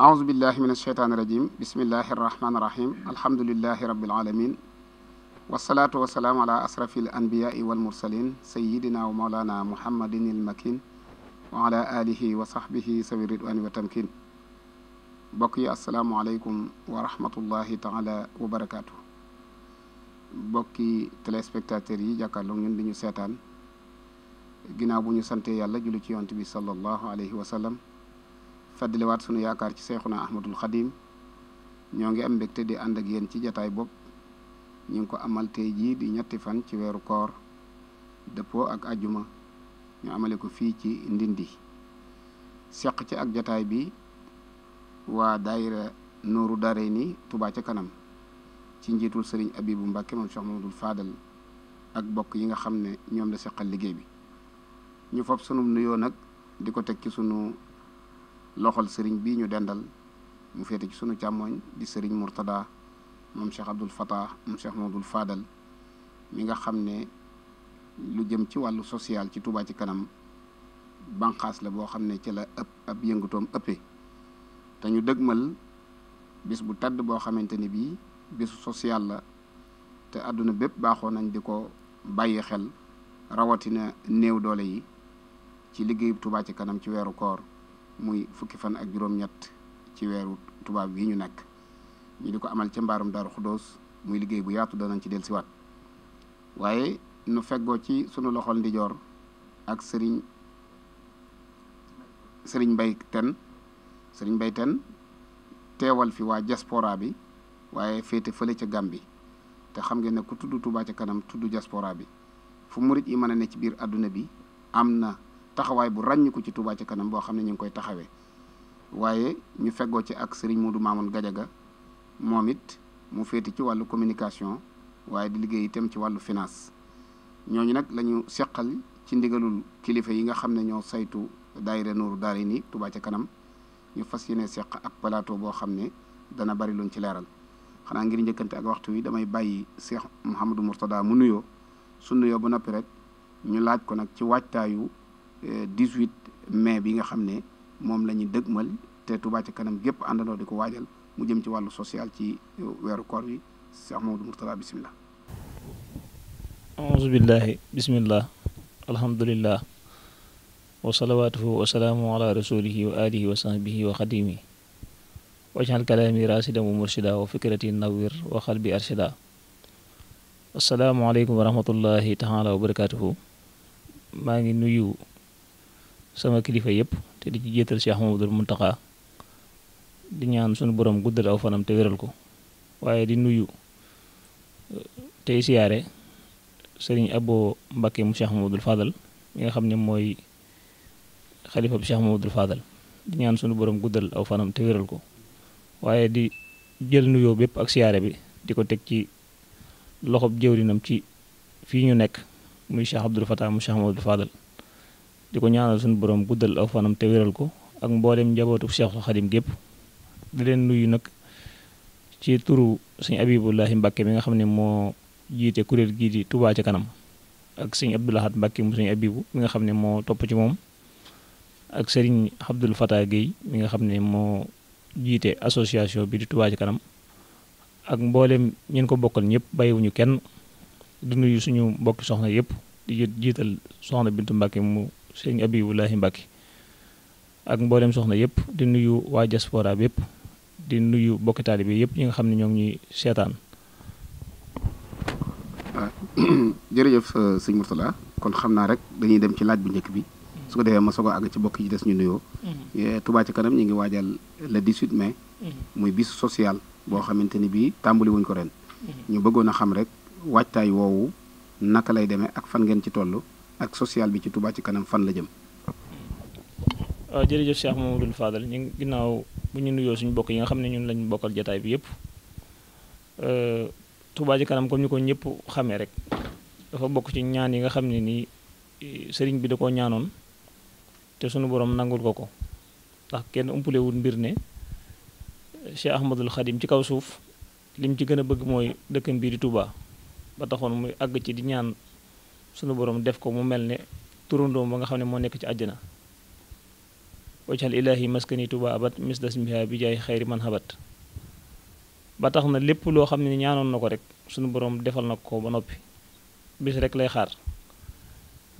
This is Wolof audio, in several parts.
أعوذ بالله من الشيطان الرجيم بسم الله الرحمن الرحيم الحمد لله رب العالمين والصلاة والسلام على أشرف الأنبياء والمرسلين سيدنا ومولانا محمد المكين وعلى آله وصحبه سوي الرضوان والتمكين بقي السلام عليكم ورحمة الله تعالى وبركاته بقي تلسبكتاتير يي جاكارلو نين دي نيو سيتان غيناو بو نيو سانتي يالا جولي سي يونت بي صلى الله عليه وسلم feddliwaat sunu yaakaar ci na Ahmadul Xadim ñoo ngi am mbégte di ànd ak yéen ci jataay bopp ñu ngi ko amal jii di ñetti fan ci weeru koor dëppoo ak ajuma ñu amale ko fii ci Ndindi seq ci ak jataay bi waa daayira Nuuru Daarayni Touba ci kanam ci njiitul sëriñ Abibu Mbàkke moom Cheikh Mamadul Faadal ak bokk yi nga xam ne ñoom la seqal liggéey bi ñu fab sunu nuyoo nag di ko teg ci sunu loxol sëriñ bii ñu dendal mu féete ci sunu càmmooñ di sëriñ Mourtada moom Cheikh Abdoul Fatah moom Cheikh Mahdoul Fadal mi nga xam ne lu jëm ci wàllu social ci Touba ci kanam banqaas la boo xam ne ci la ëpp ab yëngutoom ëppee te ñu dëgmal bis bu tàdd boo xamante ni bii bisu social la te àdduna bépp baaxoon nañ di ko bàyyi xel rawatina néew doole yi ci liggéeyub Touba ci kanam ci weeru koor muy fukki fan ak juróom-ñett ci weeru tubaab bii ñu nekk ñu di ko amal ca mbaarum Daaru Xuddoos muy liggéey bu yaatu danañ ci siwaat waaye nu feggoo ci sunu loxol ndijoor ak sëriñ sëriñ Mbay Ten sëriñ Mbay Ten teewal fi waa jasporaa bi waaye féete fële ca Gàmbi te xam ngeen ne ku tudd tubaa ca kanam tudd diaspora bi fu murit yi mën a ne ci biir àdduna bi am na taxawaay bu ràññiku ci Touba ci kanam boo xam ne ñu ngi koy taxawee waaye ñu feggoo ci ak Serigne Modou Mamoun Gadiaga moom it mu féeti ci wàllu communication waaye di liggéey itam ci wàllu finance ñooñu nag lañu seqal ci ndigalul kilifa yi nga xam ne ñoo saytu daayira Nuuru Daarayni Touba ca kanam ñu fas yéene seq ak plateau boo xam ne dana bari luñ ci leeral xanaa ngir njëkkante ak waxtu wi damay bàyyi Cheikh Mouhamadou Mourtada mu nuyoo su nuyoo 18 mai bi nga xam ne moom la ñu dëgmal te Touba ca kanam gépp àndandoo di ko waajal mu jëm ci wàllu social ci weeru koor wi Cheikh Mamadou Mourtala bisimilah. auzu bismillah alhamdulillah wa wa salaamu ala rasulihi wa alihi wa sahbihi wa xadimi wajal kalaami rasida mu mursida wa fikrati nawir wa xalbi arshida assalaamu aleykum wa rahmatullahi taala wa barakatuhu maa ngi nuyu sama kilifa yëpp te di ci jiital Cheikh Mamadou Mountakha di ñaan sunu borom guddal aw fanam te wéral ko waaye di nuyu uh, tey siyaare sëriñ Abo mu Cheikh Mamadou Fadal mi xam ne mooy xalifa bu Cheikh Mamadou di ñaan sunu borom guddal aw fanam te ko waaye di jël nuyoo bépp ak siyaare bi di ko teg ci loxob jëwrinam ci fii ñu nekk muy Cheikh Abdoul Fatah mu Cheikh Mamadou Fadal di ko ñaanal suñu borom guddal aw fanam te wéral ko ak mboolem njabootu Cheikh Xadim gépp di leen nuyu nag ci turu sëñ Abibullahi Mbàkke mi nga xam ne moo jiite kuréel gii di tubaa ca kanam ak sëñ Abdoulahat Mbàkke mu sëñ Abibu mi nga xam ne moo topp ci moom ak sëriñ Abdul Fatah Guèye mi nga xam ne moo jiite association bi di Touba ca kanam ak mboolem ñeen ko bokkal ñëpp bàyyiwuñu kenn di nuyu suñu mbokki soxna yëpp di jiital soxna Bintu Mbàkke mu sëñ Abibulahi Mbàkke ak mboolem soxna yëpp di nuyu waa diaspora bi yëpp di nuyu bokki taalibe yëpp ñi nga xam ne ñoo ngi ñuy seetaan. jërëjëf euh, sëñ Mourtala kon xam naa rek dañuy dem ci laaj bu njëkk bi. su ko defee ma soog a ci bokk yi des ñu nuyoo. Mm-hmm. Eh, Touba ci kanam ñu ngi waajal le 18 mais mm-hmm. muy bis social boo xamante ni bii tàmbali wuñ ko ren. Mm-hmm. ñu bëggoon a xam rek waajtaay woowu naka lay demee ak fan ngeen ci toll. ak social bi ci Touba ci kanam fan la jëm. waaw euh, jërëjëf Cheikh Mamadou Fadal ñu ginnaaw bu ñu nuyoo suñu bokk yi nga xam ne ñun lañu bokkal jataay bi yëpp euh, Touba ci kanam comme ni ko ñëpp xamee rek dafa bokk ci ñaan yi nga xam ne nii e, sëriñ bi da koo ñaanoon te sunu borom nangul ko ko ndax kenn umpulewul mbir ne Cheikh Ahmadul Xadim ci kaw suuf lim ci gën a bëgg mooy dëkkam bii di Touba ba taxoon muy àgg ci di ñaan. sunu boroom def ko mu mel ne turandoom ba nga xam ne moo nekk ci àjjana wajal ilaahi maskani tuba abat mis dasmiha bi jaay xayri man habat ba tax na lépp loo xam ne ñaanoon na ko rek sunu boroom defal na ko ba noppi bis rek lay xaar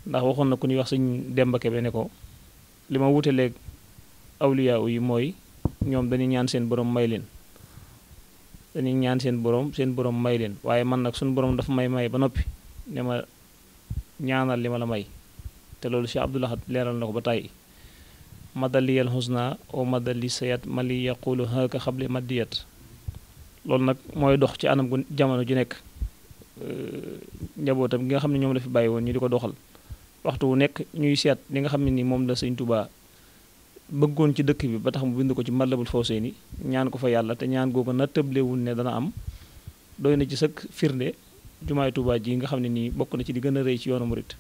ndax waxoon na ku ñuy wax sëñ Demba Kebe ne ko li ma wutaleeg awliyaa yi mooy ñoom dañuy ñaan seen boroom may leen dañuy ñaan seen borom seen boroom may leen waaye man nag sunu borom dafa may may ba noppi ne ñaanal li ma la may te loolu Cheikh Abdoul Ahad leeral na ko ba tàyyi madaliyal husna o madali sayat mali yaqulu haka xable madiyat loolu nag mooy dox ci anam gu jamono ji nekk njabootam gi nga xam ne ñoom la fi bàyyi woon ñu di ko doxal waxtu wu nekk ñuy seet li nga xam ne nii moom la sëñ Tuubaa bëggoon ci dëkk bi ba tax mu bind ko ci Matlabul Fawsayni ñaan ko fa yàlla te ñaan googu na tëblewul ne dana am doy na ci sëkk firnde jumaay Touba ji nga xam ne nii bokk na ci di gën a rëy ci yoonu murit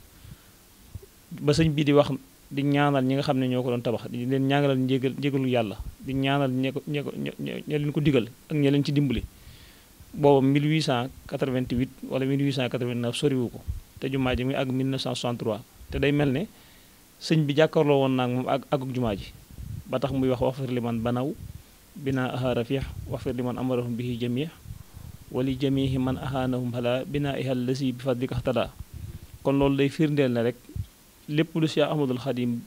ba sëñ bi di wax di ñaanal ñi nga xam ne ñoo ko doon tabax di leen ñaanalal njégal njégalu yàlla di ñaanal ñe ko ñe ko ñe leen ko digal ak ñe leen ci dimbali booba 1888 wala 1889 soriwu ko te jumaa ji muy ak 1963 te day mel ne sëñ bi jàkkaarloo woon naag moom ak ak jumaa ji ba tax muy wax wax fir liman banaw bina aha rafix wax fir liman amarahum bihi jamih wali jamihi man ahaanahum xala binaiha lasi bi fadlika xtada kon loolu day firndeel na rek lépp lu si Ahmadul Xadim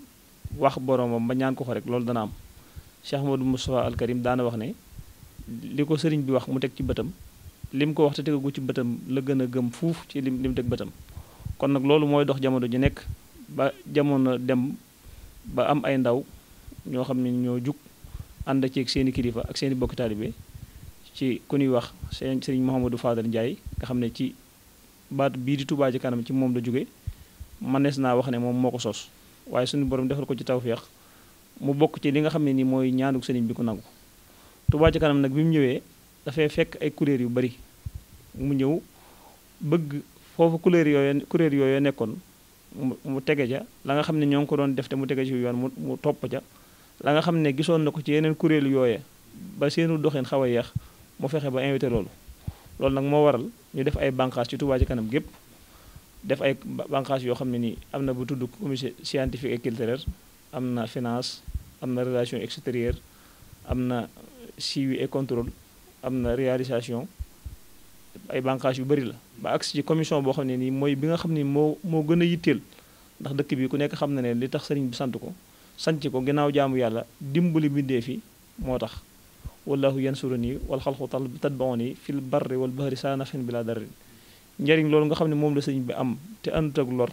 wax boromam ba ñaan ko ko rek loolu dana am Cheikh Ahmadou Moustapha al Karim daana wax ne li ko sëriñ bi wax mu teg ci bëtam lim ko wax te tegagu ci bëtam la gën a gëm fuuf ci lim lim teg bëtam kon nag loolu mooy dox jamono ji nekk ba jamono dem ba am ay ndaw ñoo xam ne ñoo jug ànd ceeg seeni kilifa ak seeni bokki taalibe ci ku ñuy wax sëñ sëriñ Mouhamadou Fadal Ndiaye nga xam ne ci baat bii di Touba kanam ci moom la jóge mënees naa wax ne moom moo ko sos waaye suñu borom defal ko ci tawféex mu bokk ci li nga xam ne ni mooy ñaanuk sëriñ bi ko nangu Touba ci kanam nag bi mu ñëwee dafay fekk ay kuréel yu bari mu ñëw bëgg foofu kuréel yooyu kuréel yooyu nekkoon mu tege ca la nga xam ne ñoo ngi ko doon def te mu tege ci yoon mu mu topp ca la nga xam ne gisoon na ko ci yeneen kuréel yooye ba seenu doxin xaw a yeex mu fexe ba invité loolu loolu nag moo waral ñu def ay bànqaas ci Touba ci kanam gépp def ay bànqaas yoo xam ne nii am na bu tudd comité scientifique et culturel am na finance am na relation extérieure am na suivi et contrôle am na réalisation ay bànqaas yu bari la ba agsi ci commission boo xam ne nii mooy bi nga xam ni moo moo gën a yitteel ndax dëkk bi ku nekk xam na ne li tax sëriñ bi sant ko sanc ko ginnaaw jaamu yàlla dimbali bindee fi moo tax wallahu yansuru nii wal xalqu tatbauni fil barri wal bahri saa nafin bila darrin njariñ loolu nga xam ne moom la sëñ bi am te àndut ak lor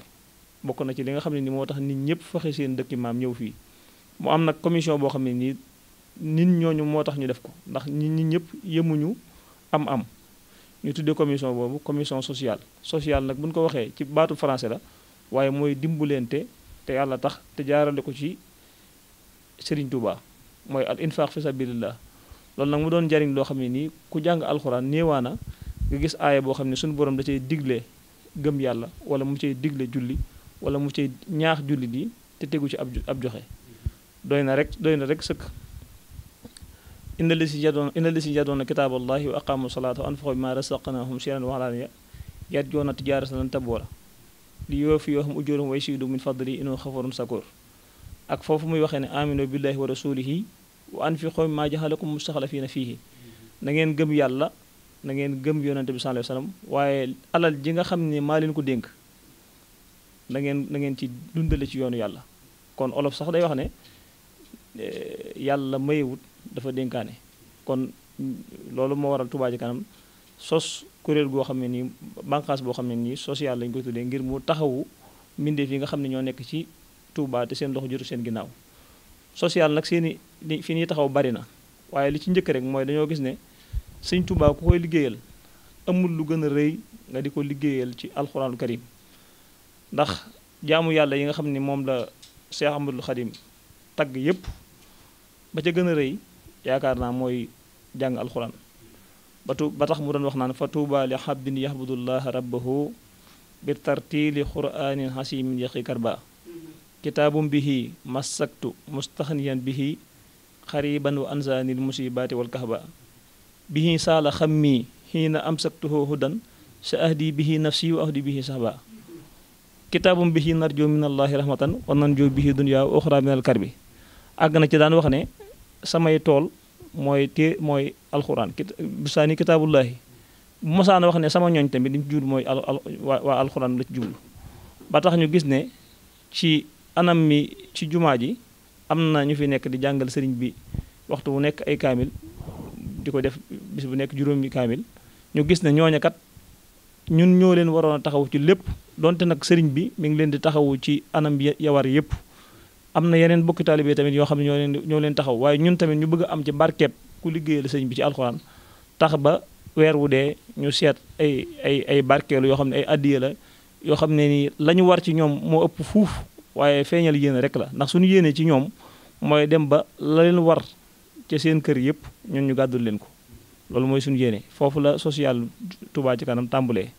bokk na ci li nga xam ne nii moo tax nit ñëpp faxe seen dëkki maam ñëw fii mu am nag commission boo xam ne nii nit ñooñu moo tax ñu def ko ndax nit ñi ñëpp yemuñu am am ñu tuddee commission boobu commission sociale sociale nag buñ ko waxee ci baatu français la waaye mooy dimbalante te yàlla tax te jaarale ko ci Serigne Touba mooy al infaq fi sabilillah loolu nag mu doon njariñ loo xam ne nii ku jàng alxuraan néewaana nga gis aaya boo xam ne suñu boroom da cay digle gëm yàlla wala mu cay digle julli wala mu cay ñaax julli di te tegu ci ab ab joxe doy na rek doy na rek sëkk inna lisi yadoon inna lisi yadoon kitaaballahi wa aqaamu salaata wa anfaqu bima razaqnahum sirran wa alaaniya yarjuuna tijaaratan lan tabuura ak foofu muy waxee ne aminu billahi wa rasulihi waa fi wa anfiqu mimmaa jaxalakum mustaxlafiina fii na ngeen gëm yàlla na ngeen gëm yonante bi sallallaahu alayhi wa waaye alal ji nga xam ne maa leen ko dénk na ngeen na ngeen ci dundale ci yoonu yàlla kon olof sax day wax ne eh, yàlla mayewut dafa dénkaane kon loolu moo waral Touba Ca Kanam sos kuréel goo xam ne nii bànqaas boo xam ne nii social lañ koy tuddee ngir mu taxawu mbindeef yi nga xam ne ñoo nekk ci Touba te seen loxo jotu seen ginnaaw social nag seen i fi ñuy taxaw bari na waaye li ci njëkk rek mooy dañoo gis ne sëñ Tuubaa ku koy liggéeyal amul lu gën a rëy nga di ko liggéeyal ci alxuraanul karim ndax jaamu yàlla yi nga xam ni moom la Cheikh Ahmadul Xadim tagg yépp ba ca gën a rëy yaakaar naa mooy jàng alxuraan ba tu ba tax mu doon wax naan fa tuuba li xabdin yahbudullaha rabbahu bi tartiili quraanin xasimin yaqi karba kitaabum bihi massaktu mustaxniyan bihi xariban wa ansaanil musibaati wal kahba bihi saala xammi xiina amsaktuhu hudan sa ahdi bihi nafsi wa ahdi bihi sahba kitaabum bihi narjo minallaahi rahmatan wa nanjo bihi dunya wa uxra minal karbi àgg na ci daan wax ne samay tool mooy té mooy alxuraan bisaani kitaabullaahi bu masaana wax ne sama ñooñ tamit li jublu mooy waa alxuraan la ci jublu ba tax ñu gis ne ci anam mi ci jumaa ji am na ñu fi nekk di jàngal sëriñ bi waxtu wu nekk ay kaamil di ko def bis bu nekk juróomi kaamil ñu gis ne ñooña kat ñun ñoo leen waroon a taxaw ci lépp donte nag sëriñ bi mi ngi leen di taxawu ci anam yawar yëpp am na yeneen bokki taalibe tamit yoo xam ne ñoo leen ñoo leen taxaw waaye ñun tamit ñu bëgg am ci barkeeb ku liggéeyal sëriñ bi ci alxuraan tax ba weer wu dee ñu seet ay ay ay barkeelu yoo xam ne ay addiya la yoo xam ne nii la war ci ñoom moo ëpp fuuf waaye feeñal yéene rek la ndax suñu yéenee ci ñoom mooy dem ba la leen war ca seen kër yëpp ñun ñu gàddul leen ko loolu mooy suñu yéene foofu la social tubaa ci kanam tàmbalee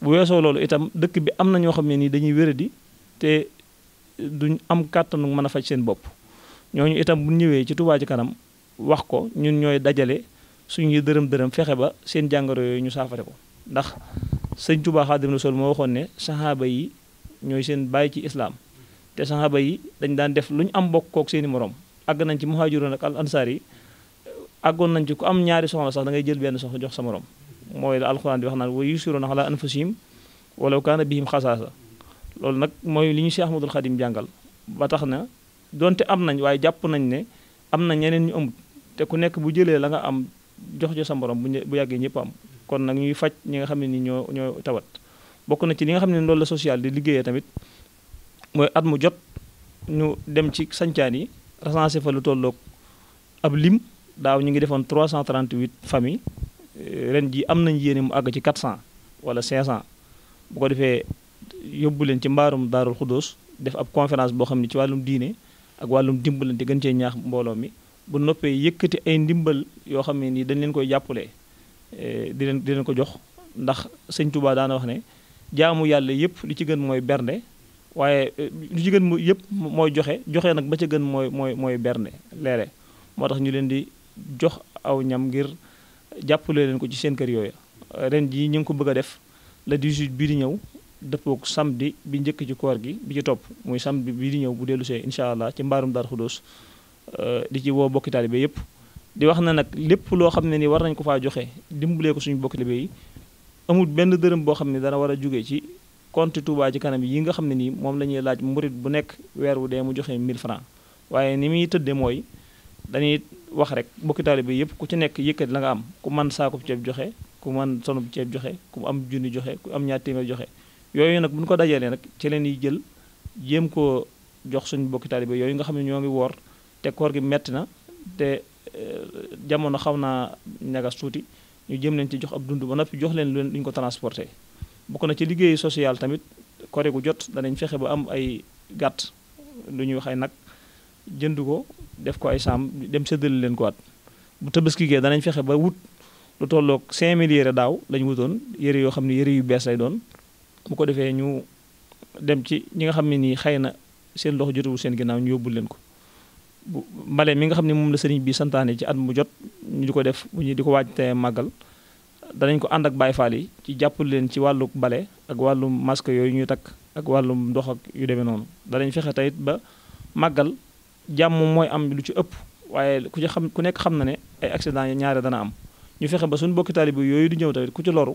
bu weesoo loolu itam dëkk bi am na ñoo xam ne nii dañuy wéradi te duñ am kàttanu mën a faj seen bopp ñooñu itam bu ñëwee ci tubaa ci kanam wax ko ñun ñooy dajale suñuy dërëm dërëm fexe ba seen jàngoro yooyu ñu saafare ko ndax sëñ Touba na sol moo waxoon ne saxaaba yi ñooy seen bàyyi ci islaam te saxaaba yi dañ daan def lu ñu am bokk kook seeni morom àgg nañ ci muhaajiroon ak al ansaar yi àggoon nañ ci ku am ñaari soxna sax da ngay jël benn soxna jox sa morom mooy la alxuraan di wax naan wa yusiruuna alaa anfusihim walaw kaana bihim xasaasa loolu nag mooy li ñu Cheikh Ahmadul Xadim jàngal ba tax na donte am nañ waaye jàpp nañ ne am na ñeneen ñu ëmb te ku nekk bu jëlee la nga am jox jo sa morom bu yàggee ñëpp am kon nag ñuy faj ñi nga xam ne ni ñoo ñoo tawat bokk na ci li nga xam ne loolu la social di liggéeyee tamit mooy at mu jot ñu dem ci sancaan yi recensé fa lu tolloog ab lim daaw ñu ngi defoon cent 338 famille euh, ren ji am nañ yéene mu àgg ci 400 wala 500 bu ko defee yóbbu leen ci mbaarum daarul xudóos def ab conférence boo xam ne ci wàllum diine ak wàllum dimbalante gën cee ñaax mbooloo mi bu noppee yëkkati ay ndimbal yoo xam ne nii dañ leen koy jàppale euh, di leen di leen ko jox ndax sëñ tubaa daana wax ne jaamu yàlla yëpp li ci gën mooy bernde waaye eh, li ci gën mooy yëpp mooy joxe joxe nag ba ca gën mooy mooy mooy bernde leere moo tax ñu leen di jox aw ñam ngir jàppale leen ko ci seen kër yooyu eh, ren jii ñu ngi ko bëgg a def le 18 bii di ñëw dëppook samedi bi njëkk ci koor gi bi ci topp muy samedi bii di ñëw bu dellu see incha allah ci mbaarum Darou Khoudoss eh, di ci woo bokki taalibe yëpp di wax na nag lépp loo xam ne ni war nañ ko faa joxe dimbalee ko suñu bokki taalibe yi amul benn dërëm boo xam ne dana war a jóge ci compte Touba ci kanam yi nga xam ne nii moom la ñuy laaj murit bu nekk weer wu dee mu joxe 1000 francs waaye ni muy tëddee mooy dañuy wax rek mbokki taalibe bi yëpp ku ci nekk yëkkati la nga am ku man saakub ceeb joxe ku man sonub ceeb joxe ku am junni joxe ku am ñaar téeméer joxe yooyu nag bu ñu ko dajalee nag ci leen yi jël jéem koo jox suñu mbokki taalibe yooyu nga xam ne ñoo ngi woor te koor gi metti na te eh, jamono xaw naa ñagas tuuti ñu jëm leen ci jox ab dund ba noppi jox leen luñ ko transporté bokk na ci liggéey social tamit kore gu jot danañ fexe ba am ay gàtt lu ñuy wax nag jënd ko def ko ay saam dem séddale leen ko at bu tabaski gee danañ fexe ba wut lu tolloog 5000 yére daaw lañ wutoon yére yoo xam ne yére yu bees lay doon mu ko defee ñu dem ci ñi nga xam ne nii xëy na seen loxo jotewul seen ginnaaw ñu yóbbul leen ko bu mbale mi nga xam ne moom la sëriñ bi santaane ci at mu jot ñu di ko def bu ñu di ko waaj te màggal danañ ko ànd ak bay Fall yi ci jàppal leen ci wàllu bale ak wàllu masque yooyu ñuy takk ak wàllum ndox ak yu demee noonu danañ fexe tayit ba màggal jàmm mooy am lu ci ëpp waaye ku ci xam ku nekk xam na ne ay accident yi ñaare dana am ñu fexe ba suñu bokki taalibe yooyu di ñëw tamit ku ci loru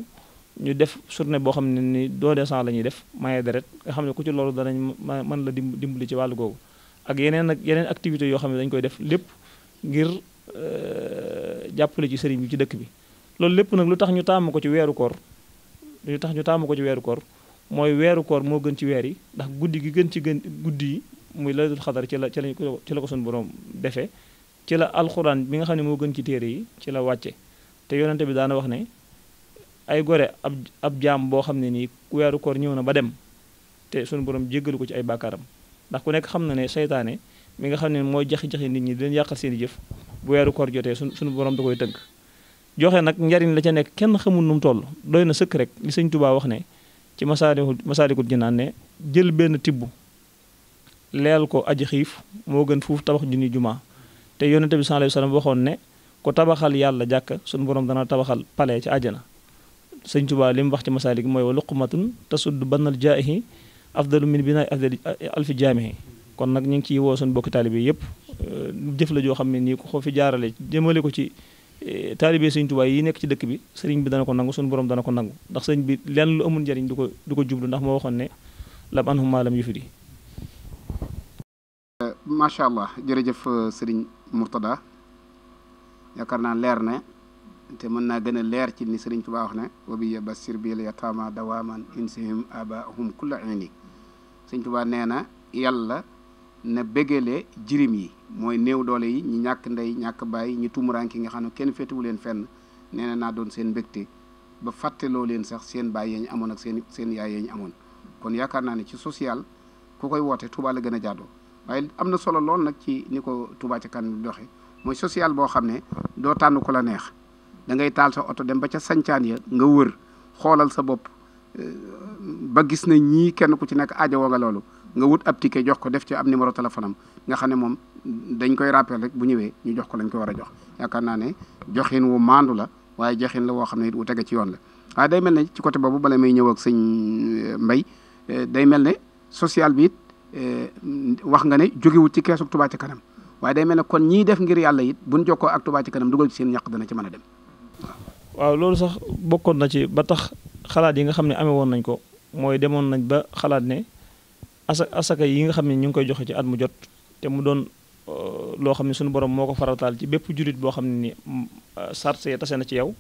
ñu def journée boo xam ne ni don de la ñuy def maye deret nga xam ne ku ci loru danañ man la dimb dimbali ci wàllu googu ak yeneen ak yeneen activité yoo xam ne dañ koy def lépp ngir euh, jàppale ci sëriñ bi ci dëkk bi loolu lépp nag lu tax ñu taamu ko ci weeru koor lu tax ñu taamu ko ci weeru koor mooy weeru koor moo gën ci weer yi ndax guddi gi gën ci gën guddi yi muy laylatul xadar ci la ci la ci la ko suñu borom defee ci la alxuraan bi nga xam ne moo gën ci téere yi ci la wàcce te yonente bi daana wax ne ay gore ab ab jaam boo xam ne nii weeru koor ñëw na ba dem te sunu borom jéggalu ko ci ay bàkkaaram ndax ku nekk xam na ne seytaane mi nga xam ne mooy jaxi-jaxi nit ñi di leen yàqal seen jëf bu weeru koor jotee suñu suñu borom da koy tënk joxe nag njariñ la ca nekk kenn xamul nu mu toll doy na sëkk rek li sëñ Tuubaa wax ne ci masaalikul masaalikul jinaan ne jël benn tibb leeral ko aji xiif moo gën fuuf tabax junni jumaa te yonent bi sallallahu alayhi wasallam waxoon ne ko tabaxal yàlla jàkk suñu borom dana tabaxal pale ci àjjana sëñ Tuubaa li mu wax ci masaalik mooy wa luqmatun tasuddu banal jaahi afdalu min binaay afdali alfi jaamihi kon nag ñu ngi ciy woo suñu bokki taalibe yëpp jëf la joo xam ne nii ko fi jaarale jëmale ko ci Eh, taalibe sëñ Tuubaa yi nekk ci dëkk bi sëriñ bi dana ko nangu suñ borom dana ko nangu ndax sëñ bi lenn lu amul njariñ du ko du ko jublu ndax moo waxoon ne lam anhum maalam yufiri macha allah jërëjëf euh, sëriñ Mourtada yaakaar naa leer na te mën naa gën a leer ci ni sëriñ Tuubaa wax ne wabiya basir bil yataama dawaaman insihim abaahum kulla ini sëriñ Tuubaa nee na yàlla na bégeele jirim yi mooy néew doole yi ñi ñàkk ndey ñàkk bàyyi ñi tumuraan ki nga xam ne kenn féetewu leen fenn nee na naa doon seen mbégte ba fàtteloo leen sax seen baay yee ñu amoon ak seen seen yaay yee amoon kon yaakaar naa ne ci sociale ku koy woote Touba la gën a jaadoo waaye am na solo lool nag ci ni ko Touba ca kanam doxee mooy sociale boo xam ne doo tànn ko la neex da ngay taal sa oto dem ba ca sancaan ya nga wër xoolal sa bopp ba gis na ñii kenn ku ci nekk aajo woo nga loolu nga wut ab ticket jox ko def ci ab numéro téléphone nga xam ne moom dañ koy rappel rek bu ñëwee ñu jox ko lañ ko war a jox yaakaar naa ne joxin wu maandu la waaye joxin la woo xam ne it wu tege ci yoon la waaye day mel ne ci côté boobu bala may ñëw ak sëñ euh, mbay euh, day mel ne social bi it euh, wax nga ne jógewut ci keesu Touba ci kanam waaye day mel ne kon ñii def ngir yàlla it jox ko ak Touba ci kanam dugal ci seen ñaq dana ci mën a dem waaw loolu sax bokkoon na ci ba tax xalaat yi nga xam ne amee woon nañ ko mooy demoon nañ ba xalaat ne asa asaka yi nga xam ne ñu ngi koy joxe ci at mu jot te mu doon euh, loo xam ne suñu borom moo ko farataal ci bépp jullit boo xam ne ni mm, euh, sart yi tase na ci yow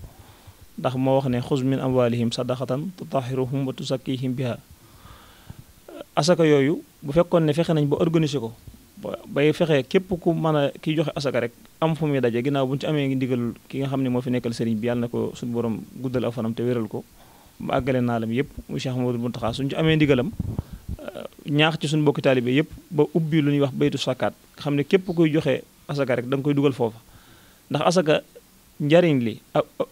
ndax moo wax ne xuz min amwalihim sadaqatan tutahiruhum wa tusakkihim biha asaka yooyu bu fekkoon ne fexe nañ ba organiser ko bay fexe képp ku mën a kiy joxe asaka rek am fu muy daje ginnaaw bu ñu ci amee ngi ki nga xam ne moo fi nekkal sëriñ bi yàlla na ko suñu borom guddal aw fanam te wéral ko mu naa lam yëpp mu Cheikh Amadou Mountakha suñu ci amee ndigalam ñaax ci suñu bokki taalibe yëpp ba ubbi lu ñuy wax baytu sakaat nga xam ne képp kuy joxe asaka rek da nga koy dugal foofa ndax asaka njariñ li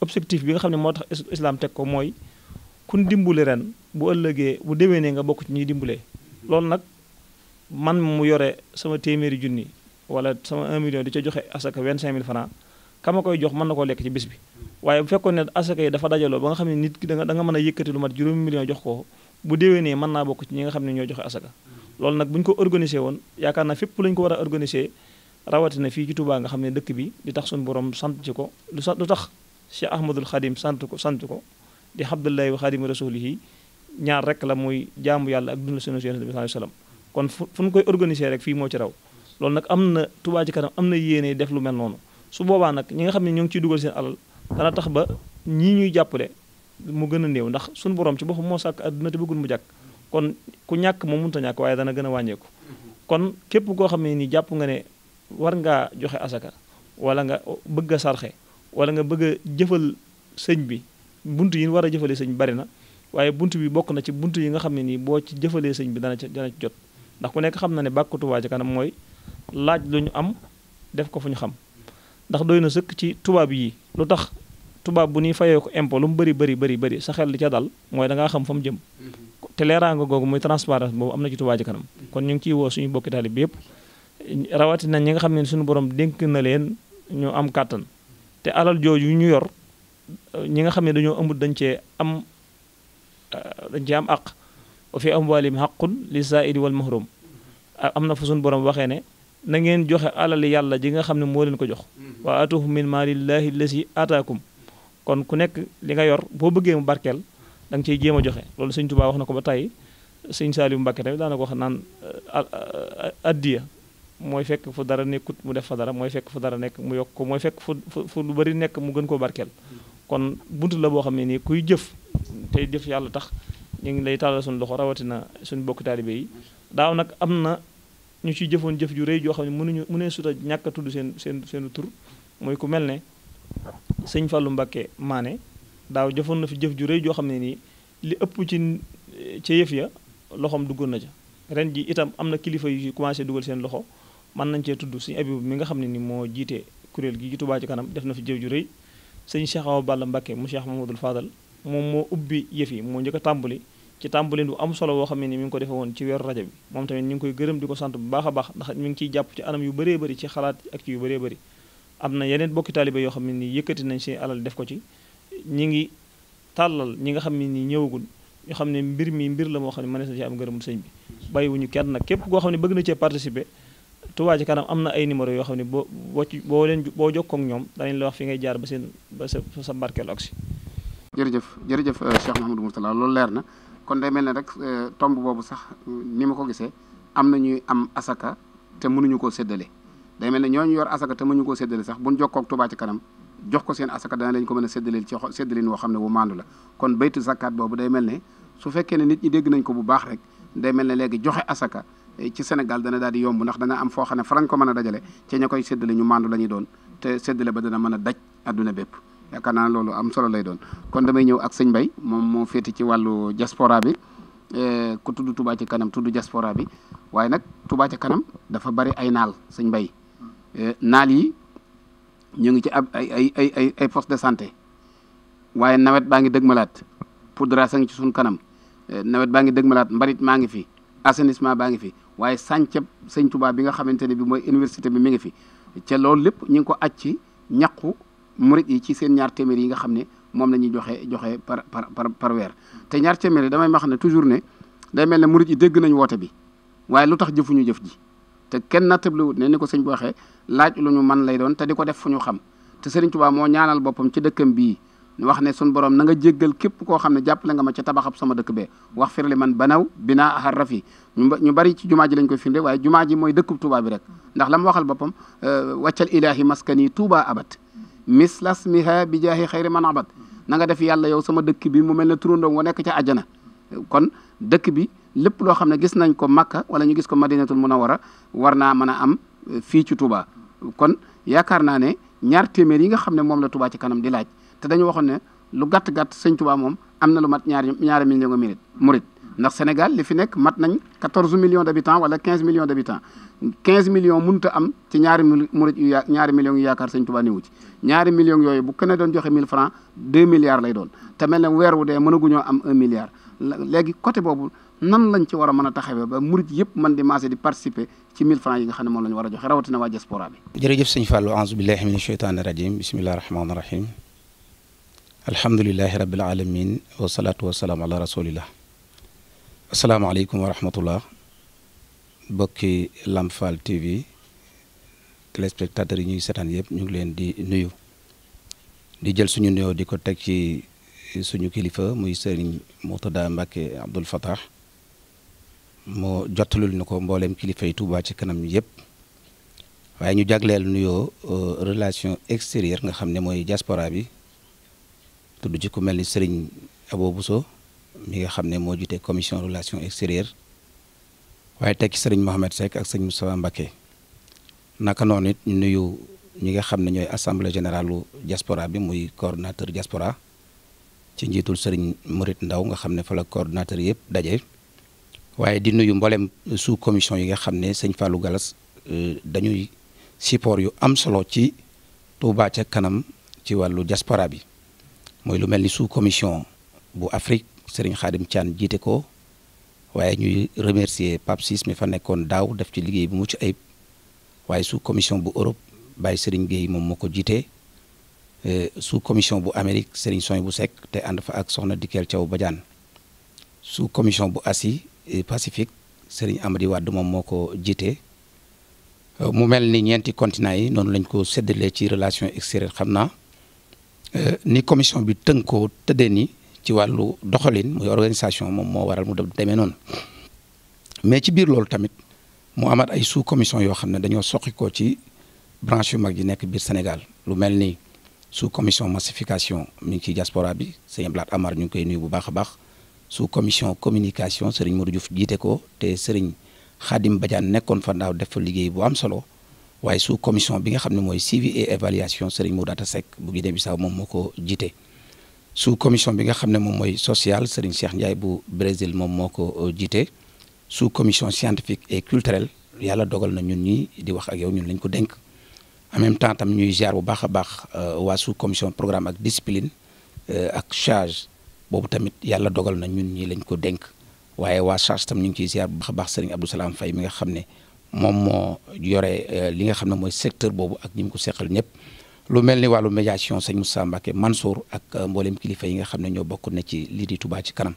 objectif bi nga xam ne moo tax islam teg ko mooy kun dimbali ren bu ëllëgee bu ne nga bokk ci ñuy dimbalee loolu nag man mu yore sama téeméeri junni wala sama 1 million di ca joxe asaka 25000 francs kama koy jox mën na koo lekk ci bis bi waaye bu fekkoon ne asaka yi dafa dajaloo ba nga xam ne nit ki da nga mën a yëkkati lu mat ko bu déwee déwénee mën naa bokk ci ñi nga xam ne ñoo joxe asaka loolu nag buñ ko organisé woon yaakaar naa fépp la ko war a rawatina fii ci tubaa nga xam ne dëkk bi di tax suñu borom sant ci ko lu sa lu tax Cheikh Ahmadul Xadim sant ko sant ko di Abdullahi wa Xadim rasulihi ñaar rek la muy jaamu yàlla ak dund sunu Yonent bi sallallahu alayhi wasallam kon fu fu ñu koy organisé rek fii moo ci raw loolu nag am na tubaa ci kanam am na yéene def lu mel noonu su boobaa nag ñi nga xam ne ñoo ngi ciy dugal seen alal dana tax ba ñii ñuy jàppale mu gën a néew ndax suñu borom ci boppam moo sàkk àdduna te bëggul mu jàkk kon ku ñàkk moom mënut a ñàkk waaye dana gën a wàññeeku kon képp koo xam ne ni jàpp nga ne war ngaa joxe asaka wala nga bëgg a wala nga bëgg jëfal sëñ bi bunt yi war a jëfalee sëñ bi bari na waaye bunt bi bokk na ci bunt yi nga xam ne nii boo ci jëfalee sëñ bi dana ci dana jot ndax ku nekk xam na ne bàkku Touba Ca Kanam mooy laaj lu ñu am def ko fu ñu xam ndax doy na sëkk ci tubaab yi lu tax tubaab bu ñuy fayee ko impôt lu mu bëri bëri bëri bëri sa xel li ca dal mooy da ngaa xam fa mu jëm te leeraanga googu muy transparence boobu am na ci Touba Ca kon ñu ngi ciy woo suñu bokki taalib bi yëpp rawati ñi nga xam ne suñu borom dénk na leen ñu am kàttan te alal jooju ñu yor ñi nga xam ne dañoo amul dañ cee am euh, dañ cee am aq wa fi amwaalihim haqqun li saa'ili wal mahrum am na fa suñu borom waxee ne na ngeen joxe alal yàlla ji nga xam ne moo leen ko jox wa atuhum min maalillahi lazi ataakum kon ku nekk li nga yor boo bëggee mu barkeel da nga ciy jéem a joxe loolu sëñ Tuubaa wax na ko ba tey sëñ Saaliu Mbàkke tamit daana ko wax naan addiya mooy fekk fu dara nekkut mu def fa dara mooy fekk fu dara nekk mu yokk ko mooy fekk fu fu lu bari nekk mu gën koo barkeel kon buntu la boo xam ne nii kuy jëf tey jëf yàlla tax ñu ngi lay tàllal suñu loxo rawatina suñu bokk taalibe yi daaw nag am na ñu ci jëfoon jëf ju rëy joo xam ne mënuñu mënee suta ñàkk a tudd seen seen seen tur mooy ku mel ne sëñ Fallou Mbacké Mané daaw jëfoon na fi jëf ju rëy joo xam ne nii li ëpp ci ca yëf ya loxoom duggoon na ca ren ji itam am na kilifa yu commencé dugal seen loxo mën nañ cee tudd sëñ Abibu mi nga xam ne ni moo jiite kuréel gi ci Touba ci kanam def na fi jëf ju rëy sëñ Cheikh Awa Balla Mbacké mu Cheikh Mamadou Fadal moom moo ubbi yëf yi moo njëkk a ci tàmbalin bu am solo boo xam ne ni mi ngi ko defe woon ci weeru rajo bi moom tamit ñu ngi koy gërëm di ko sant bu baax ndax mi ngi ciy jàpp anam yu bëree bëri ci xalaat ak ci yu bëree am na yeneen bokki taalibe yoo xam ne nii yëkkati nañ seen alal def ko ci ñi ngi tàllal ñi nga xam ne nii ñëwagul yoo xam ne mbir mi mbir la moo xam ne mënees na ci am ngërëmul sëñ bi ñu kenn nag képp koo xam ne bëgg na cee participer Touba Ca Kanam am na ay numéro yoo xam ne boo boo boo leen boo jokkoo ak ñoom danañ la wax fi ngay jaar ba seen ba sa sa jërëjëf jërëjëf euh, Cheikh Mouhamadou Mourtala loolu leer na kon day mel ne rek euh, tomb boobu sax ni ma ko gisee am na ñuy am asaka te mënuñu koo séddale day mel ne ñooñu yor asaka te mënuñu koo séddale sax bu jokkoo ak Touba ci kanam jox ko seen asaka dana lañ ko mën a séddaleel ci séddalin woo xam ne bu maandu la kon baytu zakat boobu day mel ne su fekkee ne nit ñi dégg nañ ko bu baax rek day mel ne léegi joxe asaka eh, ci Sénégal dana daal di yomb ndax dana am foo xam ne farañ ko mën a dajale ci koy séddale ñu maandu la doon te séddale ba dana mën a daj adduna bépp yaakaar naa loolu am solo lay doon kon damay ñëw ak sëñ Mbay moom moo féete ci wàllu diaspora bi eh, ku tudd Touba ci kanam tudd jaspora bi waaye nag Touba ci kanam dafa bari ay naal sëñ Mbay Euh, naal yi ñu ngi ci ab ay ay ay ay ay poste de santé waaye nawet baa ngi dëgmalaat poudrage a ngi ci suñ kanam euh, nawet baa ngi dëgmalaat mbarit maa ngi fi assainissement baa ngi fi waaye sànceb sëñ Touba bi nga xamante ne bi mooy université bi mi ngi fi ca loolu lépp ñu ngi ko aj ci ñaqu murit ci seen ñaar téeméer yi nga xam ne moom la ñuy joxe joxe par par par weer te ñaar téeméer damay wax ne toujours ne day mel ne murit yi dégg nañ woote bi waaye lu tax jëfuñu jëf ji te kenn nattablewut ne ni ko sëñ bi waxee laaj lu ñu man lay doon te di ko def fu ñu xam te Serigne Touba moo ñaanal boppam ci dëkk dëkkam bii wax ne sun borom na nga jéggal képp koo xam ne jàppale nga ma ca tabaxab sama dëkk bee wax firli man banaw binaa ahar rafi ñu bari ci jumaa ji lañ koy firnde waaye jumaa ji mooy dëkkub Touba bi rek ndax la mu waxal boppam euh, wàccal ilaahi maskani Touba abat mislas mi bi jaahi xayri man abat na nga def yàlla yow sama dëkk bi mu mel ne turandoo nga nekk ca àjjana kon dëkk bi lépp loo xam ne gis nañ ko Makka wala ñu gis ko Madinatul Munawwara war naa mën a am euh, fii ci Touba kon yaakaar naa ne ñaar téeméer yi nga xam ne moom la Touba ci kanam di laaj te dañu waxoon ne lu gàtt gàtt sëñ Touba moom am na lu mat ñaari ñaari millions nga murit murit ndax Sénégal li fi nekk mat nañ 14 millions d' habitants wala 15 millions d' habitants 15 millions mënut a am ci ñaari murit yu ñaari millions yu yaakaar sëñ Touba ci ñaari million yooyu bu ne doon joxe 1000 francs 2 milliards lay doon te mel ne weer wu dee mënaguñoo am 1 milliard léegi côté boobu. nan lañ ci war a mën a taxawee ba murit yëpp man di maase di participer ci 1000 francs yi nga xam ne moom la ñu a joxe rawatina waa diaspora bi. jërëjëf sëñ Fallou aouzu billahi mina sheytaani rajim bismillahi rahmaani rahim alhamdulilahi rabil alamin wasalaatu wasalaam ala rasulillah asalaamaaleykum wa rahmatullah bokki Lamp Fall TV téléspectateurs yi ñuy seetaan yëpp ñu ngi leen di nuyu di jël suñu nuyoo di ko teg ci suñu kilifa muy sëriñ Murtada Mbàkke Abdul Fatah mu jottalul ñu ko mbooleem kilifay Touba ci kanam yëpp waaye ñu jagleel nuyoo euh, relation extérieure nga xam ne mooy diaspora bi tudd ci ku mel ni Serigne Abo Bousso mi nga xam ne moo jiite commission relation extérieure waaye teg ci Serigne Mohamed ak Serigne Moustapha Mbacké naka noonu it ñu nuyu ñi nga xam ne ñooy assemblée générale diaspora bi muy coordonnateur diaspora ci njiitul Serigne Mouride Ndaw nga xam ne fa la coordonnateur yëpp daje. waaye di nuyu mbooleem sous commission yi nga xam ne sëñ Fallou Galas euh, dañuy support yu am solo ci Touba ca kanam ci wàllu jaspora bi mooy lu mel ni sous commission bu Afrique Serigne Khadim Thian jiite ko waaye ñuy remercier Pape Ciss mi fa nekkoon daaw def ci liggéey bu mucc ayib waaye sous commission bu Europe Baye Serigne Gueye moom moo ko jiite euh, sous commission bu Amérique Serigne Soñ bu sekk te ànd fa ak soxna Dikel Thiaw Badiane sous commission bu Asie Euh, Pacifique Serigne Amady Wade moom moo ko jiite euh, mu mel ni ñeenti continent yi noonu lañ ko séddalee ci relation extérieure xam naa euh, ni commission bi tënkoo tëddee ni ci wàllu doxalin muy organisation moom moo waral mu demee noon mais ci biir loolu tamit mu amaat ay sous commission yoo xam ne dañoo soqikoo ci branche yu mag yi nekk biir Sénégal lu mel ni sous commission massification mi ngi ci diaspora bi sëñ Blaat Amar ñu ngi koy nuyu bu baax a baax su commission communication Serigne Modou Diouf jiite ko te Serigne Khadim Badiane nekkoon fa daaw def fa liggéey bu am solo waaye su commission bi nga xam ne mooy suivi et évaluation Serigne Seck bu Guinée-Bissau moom moo ko jiite. sous commission bi nga xam ne moom mooy sociale Serigne Cheikh Ndiaye bu Brésil moom moo ko euh, jiite su commission scientifique et culturelle yàlla dogal na ñun ñi di wax ak yow ñun lañ ko dénk. en même temps tam ñuy jaar bu baax a baax euh, waa su commission programme ak discipline euh, ak charge. boobu tamit yàlla dogal na ñun ñii lañ ko dénk waaye waa charge tam ñu ngi ciy ziar baax a baax sëriñ Abdou Salaam Faye mi nga xam ne moom moo yore euh, li nga xam ne mooy secteur boobu ak ñi mu ko seqal ñëpp lu mel ni wàllu médiation sëñ Moussa Mbacke Mansour ak euh, mboolem kilifa yi nga xam ne ñoo bokk na ci lii di Touba ci kanam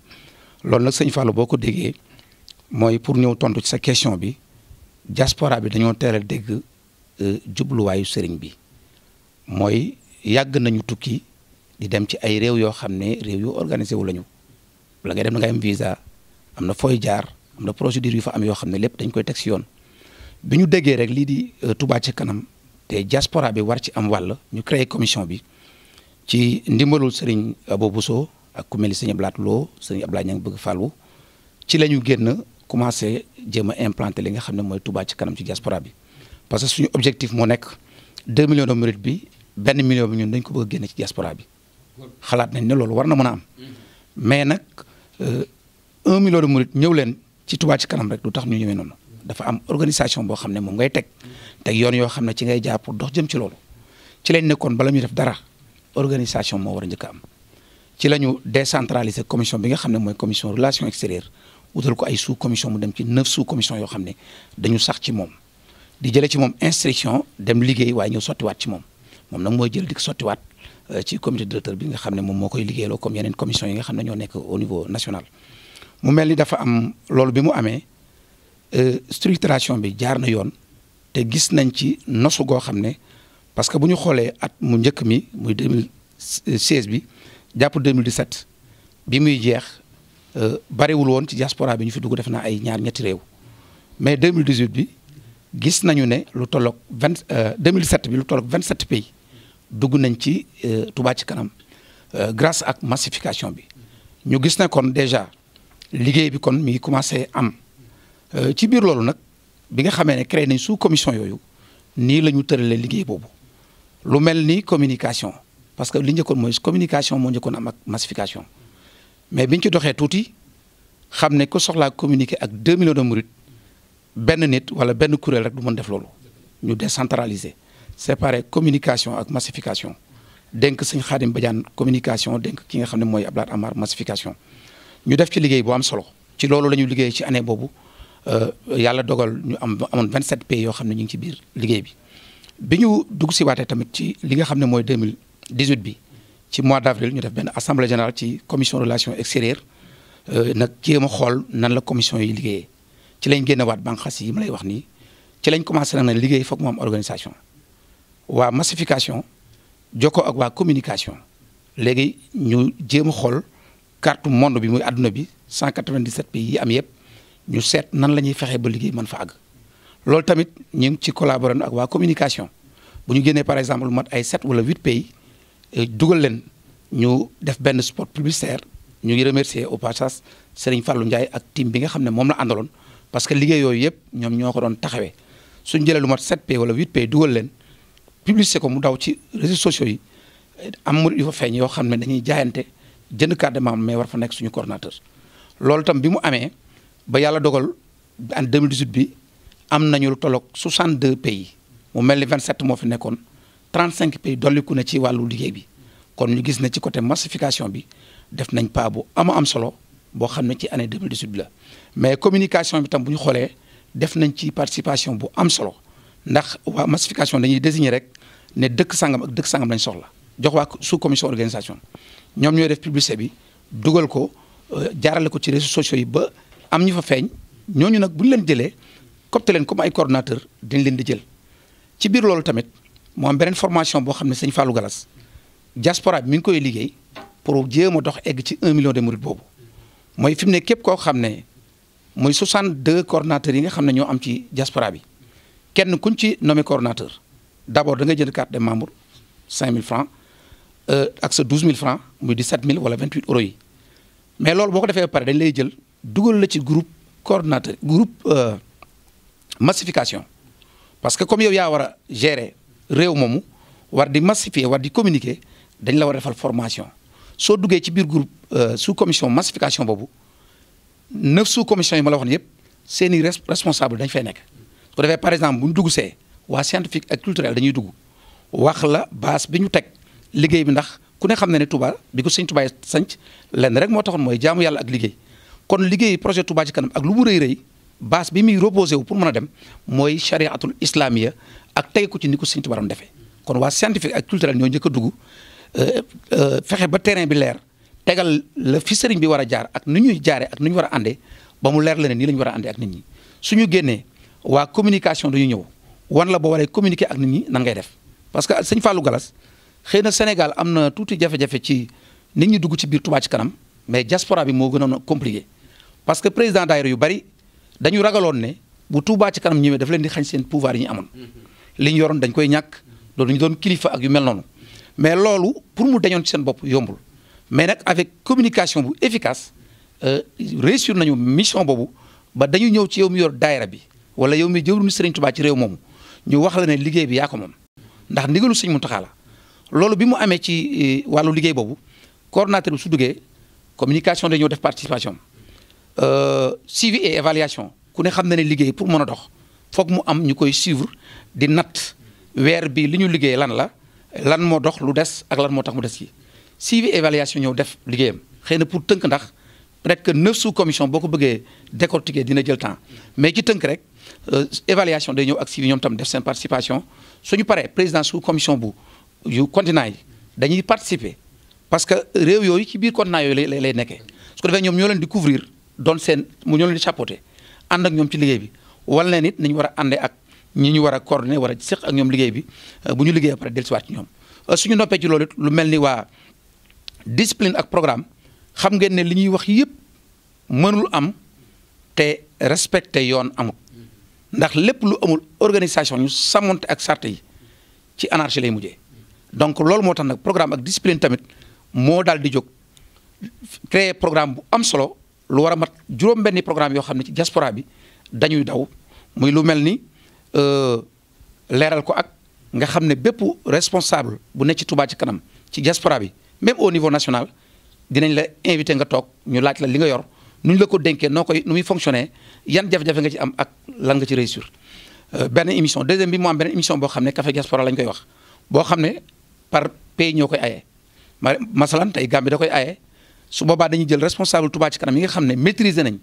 loolu nag sëñ Fallou boo ko déggee mooy pour ñëw tontu ci sa question bi diaspora bi dañoo teel dégg euh, jubluwaayu sëriñ bi mooy yàgg nañu tukki di dem ci ay réew yoo xam ne réew yu organisé wu lañu la ngay dem da ngay am visa am na fooy jaar am na procédure yu fa am yoo xam ne lépp dañ koy teg si yoon bi ñu déggee rek lii di euh, Touba ci kanam te diaspora bi war ci am wàll ñu créer commission bi ci ndimbalul sëriñ Abo soo ak ku sëñ Ablaat loo sëñ Ablaat ña ngi bëgg falu ci la ñu génn commencé jéem a implanter li nga xam ne mooy Touba ci kanam ci diaspora bi parce que suñu objectif moo nekk 2 millions de murit bi benn million bi ñun dañ ko génne ci diaspora bi. xalaat nañ ne loolu war na mën a am mais nag euh, un million de murit ñëw leen ci Touba ci kanam rek du tax ñu ñëwee noonu dafa am organisation boo xam ne moom ngay teg teg yoon yoo xam ne ci ngay jaar pour dox jëm ci loolu ci lañ nekkoon bala ñuy def dara organisation moo war njëkk am ci la ñu décentraliser commission bi nga xam ne mooy commission relation extérieure utal ko ay sous commission mu dem ci neuf sous commission yoo xam ne dañu sax ci moom di jëlee ci moom instruction dem liggéey waaye ñëw sottiwaat ci moom moom nag mooy jël sottiwaat ci comité directeur bi nga xam ne moom moo koy liggéeyaloo comme yeneen commission yi nga xam ne ñoo nekk au niveau national. mu mel ni dafa am loolu bi mu amee euh, structuration bi jaar na yoon te gis nañ ci nosu goo xam ne parce que bu ñu xoolee at mu njëkk mi muy 2016 bi jàpp 2017 bi muy jeex euh, bariwul woon ci diaspora bi ñu fi dugg def naa ay ñaar ñetti réew mais 2018 bi gis nañu ne lu tolloog 20 2017 euh, bi lu tolloog 27 pays. dugg nañ ci euh, Touba ci kanam euh, grace ak massification bi ñu gis na kon déjà liggéey bi kon mi ngi commencé am euh, ci biir loolu nag bi nga xamee ne créé nañ sous commission yooyu nii la ñu tëralee liggéey boobu lu mel ni communication parce que li njëkkoon mooy communication moo njëkkoon am ak massification mais biñ ci doxee tuuti xam ne ku soxla communiqué ak 2 millions de mourides benn nit wala benn kuréel rek du mën def loolu ñu décentraliser. séparer communication ak massification dénk sëñ Xaadim Badiane communication dénk ki nga xam ne mooy Abdoulaye Amar massification ñu def ci liggéey bu am solo ci loolu la ñu liggéey ci année boobu euh, yàlla dogal ñu am vingt 27 pays yoo xam ne ñu ngi ci biir liggéey bi bi ñu dugg si waatee tamit ci li nga xam ne mooy deux mille 2018 bi ci mois d'avril ñu def benn assemblée générale ci commission relations extérieures euh, nag jéem a xool nan la commission yi liggéeyee ci lañ génnewaat bànqaas yi ma lay wax nii ci lañ commencé nag liggéey foog mu organisation waa massification jokkoo ak waa communication léegi ñu jéem a xool carte monde bi muy àdduna bi 197 pays yi am yëpp ñu seet nan la ñuy fexee ba liggéey man fa àgg loolu tamit ñu ngi ci collaborer ak waa communication bu ñu génnee par exemple mat ay 7 wala 8 pays eh, dugal leen ñu def benn spot publicitaire ñu ngi remercier au passage Serigne Fallou Ndiaye ak team bi nga xam ne moom la àndaloon parce que liggéey yooyu yëpp ñoom ñoo ko doon taxawee suñ jëlee lu mat 7 pays wala 8 pays leen. publicité ko mu daw ci réseaux sociaux yi am mu yu fa feeñ yoo xam ne dañuy jaayante jënd cardement de mais war fa nekk suñu coordonnateur loolu tam bi mu amee ba yàlla dogal en 2018 bi am nañu lu tolloog 62 pays mu mel ni 27 moo fi nekkoon cinq pays dolliku na ci wàllu liggéey bi kon ñu gis ne ci côté massification bi def nañ paa bu am am solo boo xam ne ci année 2018 bi la mais communication bi tam bu ñu xoolee def nañ ci participation bu am solo ndax waa massification dañuy désigner rek ne dëkk sangam ak dëkk sangam lañ soxla jox waa sous commission organisation ñoom ñooy def publicité bi dugal ko euh, jaarale ko ci réseaux sociaux yi ba am ñu fa feeñ ñooñu nag bu ñu leen jëlee copte leen comme ay coordonnateur dañ leen di jël ci biir loolu tamit moo am beneen formation boo xam ne sëñ Fallou Galas diaspora bi mi ngi koy liggéey pour jéem a dox egg ci un million de murid boobu mooy fi mu ne képp koo xam ne mooy 62 coordonnateurs yi nga xam ne ñoo am ci diaspora bi kenn kuñ ci nommé coordonnateur d' abord da ngay jënd carte de membre 5000 francs euh, ak sa 12000 francs muy 17000 wala 28 euros yi mais loolu boo ko defee ba pare dañ lay jël dugal la ci group coordinateur groupe euh, massification parce que comme yow yaa war a gérer réew moomu war di massifier war di communiquer dañ la war a fal formation soo duggee ci biir group euh, su commission massification boobu neuf sous commission yi ma la wax ne yëpp seen i responsable dañ fay nekk su ko defee exemple bu ñu dugg see waa scientifique ak culturel dañuy dugg wax la base bi ñu teg liggéey bi ndax ku ne xam ne ne Touba bi ko sëñ Touba sanc lenn rek moo taxoon mooy jaamu yàlla ak liggéey kon liggéey projet Touba kanam ak lu mu rëy rëy base bi muy reposé wu pour mën a dem mooy chariatul islamiya ak teg ku ci ni ko sëñ Touba doon defee kon waa scientifique ak culturel ñoo njëkk a dugg euh, euh, fexe ba terrain bi leer tegal la fi sëriñ bi war a jaar ak nu ñuy jaaree ak nu ñu war a àndee ba mu leer la ne nii war a àndee ak ñi suñu génnee waa communication dañu ñëw wan la boo waree communiquer ak nit ñi nan def parce que sëñ Fallou Galas xëy na Sénégal am na tuuti jafe ci nit ñi dugg ci biir Touba ci kanam mais diaspora bi moo gënoon a parce que président daayira yu bari dañu ragaloon ne bu Touba ci kanam ñëwee daf leen di xañ seen pouvoir ñu amoon mm-hmm. li ñu yoroon dañ koy ñàkk loolu doon kilifa ak yu mel noonu mais loolu pour mu dañoon ci seen bopp yombul mais nag avec communication bu efficace euh, réussir nañu mission boobu ba dañu ñëw ci yow mi yor daayira bi wala yow mi jëwriñu Sëriñ tubaat ci réew moomu ñu wax la ne liggéey bi yaa ko moom ndax ndigalu sëñ Muntaxa la loolu bi mu amee ci eh, wàllu liggéey boobu coordonnateur bi su duggee communication dañoo def participation civi euh, et évaluation ku ne xam na ne liggéey pour mën a dox foog mu am ñu koy suivre di natt weer bi li ñu liggéey lan la lan moo dox lu des ak lan moo tax mu des yi suivi évaluation ñëw def liggéeyam xëy na pour tënk ndax peut-être que neuf sous commission boo ko bëggee décortiquer dina jël temps mais Euh, évaluation day ñëw ak si ñoom tam def seen participation suñu paree président sous commission bu yu continent yi dañuy participer parce que réew yooyu ci biir continent yooyu lay lay nekkee su ko defee ñoom ñoo leen di couvrir doon seen mu ñoo leen di chapeauter ànd ak ñoom ci liggéey bi wala leen it nañu war a àndee ak ñi ñu war a coordonner war a seq ak ñoom liggéey bi euh, bu ñu liggéey ba pare dellusiwaat ci ñoom euh, suñu noppee ci loolu lu mel ni waa discipline ak programme xam ngeen ne li ñuy wax yëpp mënul am te respecté yoon amut ndax lépp lu amul organisation ñu sàmmonte ak sart yi ci anarchie lay mujjee donc loolu moo tax nag programme ak discipline tamit moo daal di jóg créer programme bu am solo lu war a mat juróom-benni programme yoo xam ne ci diaspora bi dañuy daw muy lu mel ni euh, leeral ko ak nga xam ne bépp responsable bu nekk ci tubaat ci kanam ci diaspora bi même au niveau national dinañ la invité nga toog ñu laaj la li nga yor. nu ñu la ko denkee noo koy nu muy fonctionner yan jafe-jafe nga ci am ak lan nga ci réussir euh, benn émission deuxième bi mu am benn émission boo xam ne Café Diaspora lañ koy wax boo xam ne par pays ñoo koy aye ma masalan tey Gambie da koy aye su boobaa dañuy jël responsable Touba ci kanam yi nga xam ne maîtriser nañ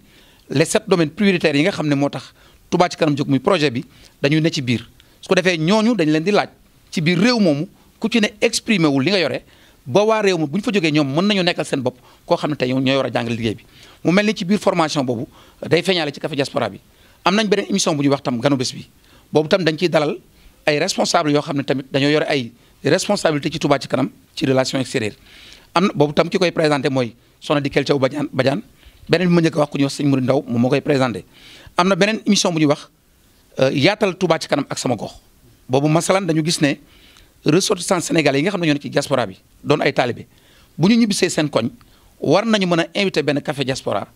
les sept domaines prioritaires yi nga xam ne moo tax Touba ci kanam jóg muy projet bi dañuy ne ci biir su ko defee ñooñu dañ leen di laaj ci biir réew moomu ku ci ne li nga yore ba waa réew ma bu ñu fa jógee ñoom mën nañu nekkal seen bopp koo xam ne tey ñoo war a jàngal liggéey mu mel ni ci biir formation boobu day feeñaale ci kafe diaspora bi am nañ beneen émission bu ñu wax tam ganu bés bi boobu tam dañ ciy dalal ay responsable yoo xam ne tamit dañoo yore ay responsabilité ci tubaat ci kanam ci relation extérieure am na boobu tam ci koy présenté mooy soxna di kel caw bajaan beneen mu ma wax ku ñu wax sëñ Mouride Ndaw moom koy présenté am na beneen émission bu ñuy wax euh, yaatal Touba ci kanam ak sama gox boobu masalan dañu gis ne ressortissants sénégalais yi nga xam ne ñoo ne ci bi doon ay taalibe bu ñu ñibbisee seen koñ war nañu mën a invité benn café diaspora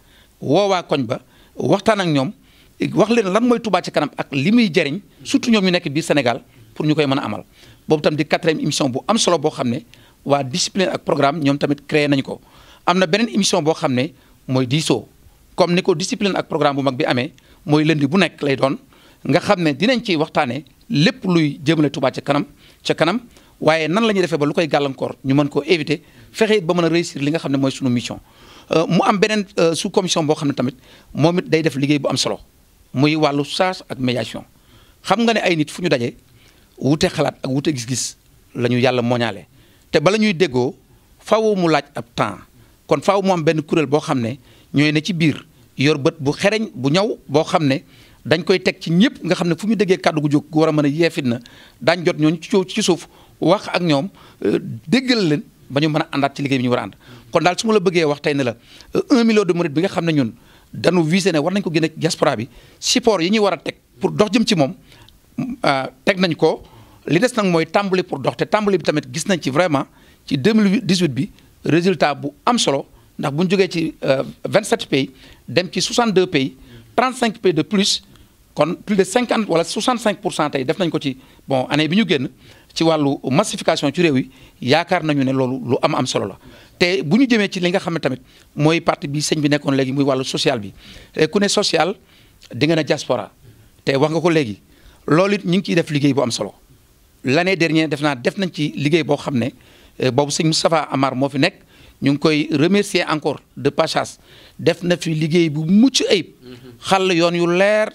woowaa koñ ba waxtaan ak ñoom wax leen lan mooy Touba ci kanam ak li muy jëriñ surtout ñoom ñu nekk biir Sénégal pour ñu koy mën a amal boobu tam di quatrième émission bu am solo boo xam ne waa discipline ak programme ñoom tamit créé nañu ko am na beneen émission boo xam ne mooy diisoo comme ni ko discipline ak programme bu mag bi amee mooy lundi bu nekk lay doon nga xam ne dinañ ciy waxtaanee lépp luy jëmale Touba ca kanam ca kanam waaye nan la ñuy defee ba lu koy gàllankoor ñu mën koo éviter fexe ba mën a réussir li nga xam ne mooy sunu mission. Euh, mu am beneen euh, sous commission boo xam ne tamit moom it day def liggéey bu am solo muy wàllu charge ak médiation xam nga ne ay nit fu ñu dajee wute xalaat ak wute gis-gis la ñu yàlla mooñaale te bala ñuy déggoo faaw mu laaj ab temps kon faaw mu am benn kuréel boo xam ne ñooy ne ci biir yor bët bu xereñ bu ñaw boo xam ne dañ koy teg ci ñëpp nga xam ne fu ñu déggee kàddu jóg gu war a mën a na daañ jot ñooñu ci ci suuf wax ak ñoom euh, déggal leen ba ñu mën a àndaat ci liggéey bi ñu war a ànd kon daal su ma la bëggee wax tey ne la euh, un million de murid bi nga xam ne ñun dañu visé ne war nañ ko génne diaspora bi support yi ñuy war a teg pour dox jëm ci moom euh, teg nañ ko li des nag mooy tàmbali pour dox te tàmbali bi tamit gis nañ ci vraiment ci 2018 bi résultat bu am solo ndax bu ñu jógee ci 27 pays dem ci 62 pays 35 pays de plus kon plus de 50 wala 65 pour cent tey def nañ ko ci bon année bi ñu génn ci wàllu massification ci réew yi yaakaar nañu ne loolu lu am am solo la te bu ñu jëmee ci li nga xam ne tamit mooy parti bi sëñ bi nekkoon léegi muy wàllu social bi eh, ku ne social di nga ne diaspora te wax nga ko léegi loolu it ñu ngi ciy def liggéey bu am solo l'année dernière def naa def nañ ci liggéey boo xam ne eh, boobu sëñ Moustapha Amar moo fi nekk ñu ngi koy remercier encore de passage def na fi liggéey bu mucc ayib mm-hmm. xal yoon yu leer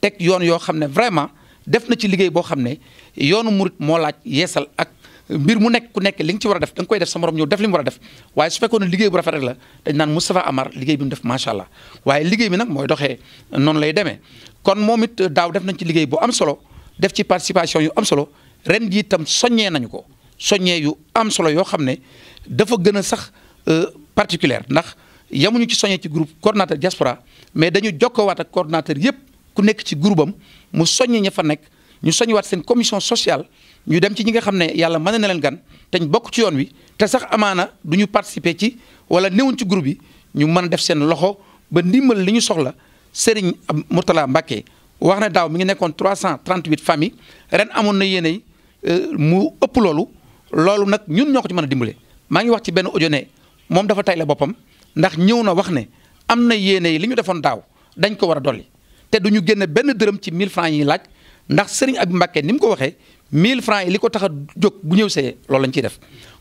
teg yoon yoo xam ne vraiment def na ci liggéey boo xam ne yoonu mu moo laaj yeesal ak mbir mu nekk ku nekk li nga ci war a def da nga koy def sa morom ñëw def li mu war a def waaye su fekkoon ne liggéey bu rafet rek la dañ naan Moustapha Amar liggéey bi mu def macha allah waaye liggéey bi nag mooy doxee noonu lay demee kon moom it daaw def nañ ci liggéey bu am solo def ci participation yu am solo ren jii itam soññee nañu ko soññee yu am solo yoo xam ne dafa gën a sax euh, particulière ndax yamuñu ci soññee ci groupe coordonnateur diaspora mais dañu jokkoowaat ak coordonnateur yëpp ku nekk ci groupe am mu soññ ña fa nekk ñu soññiwaat seen commission sociale ñu dem ci ñi nga xam ne yàlla mën na leen gan te ñu bokk ci yoon wi te sax amaana du ñu participer ci wala néewuñ ci groupe yi ñu mën a def seen loxo ba ndimbal li ñu soxla Serigne Mourtala Mbacké wax na daaw mi ngi nekkoon cent 338 familles ren amoon na yéenay euh, mu ëpp loolu loolu nag ñun ñoo ko ci mën a dimbale maa ngi wax ci benn audio ne moom dafa tay la boppam ndax ñëw na wax ne am na yéene li ñu defoon daaw dañ ko war a dolli te du ñu génne benn dërëm ci mille francs yi laaj ndax sëriñ Abib Mbacke ni mu ko waxee mille francs yi li ko tax a jóg bu ñëw see loolu lañ ciy def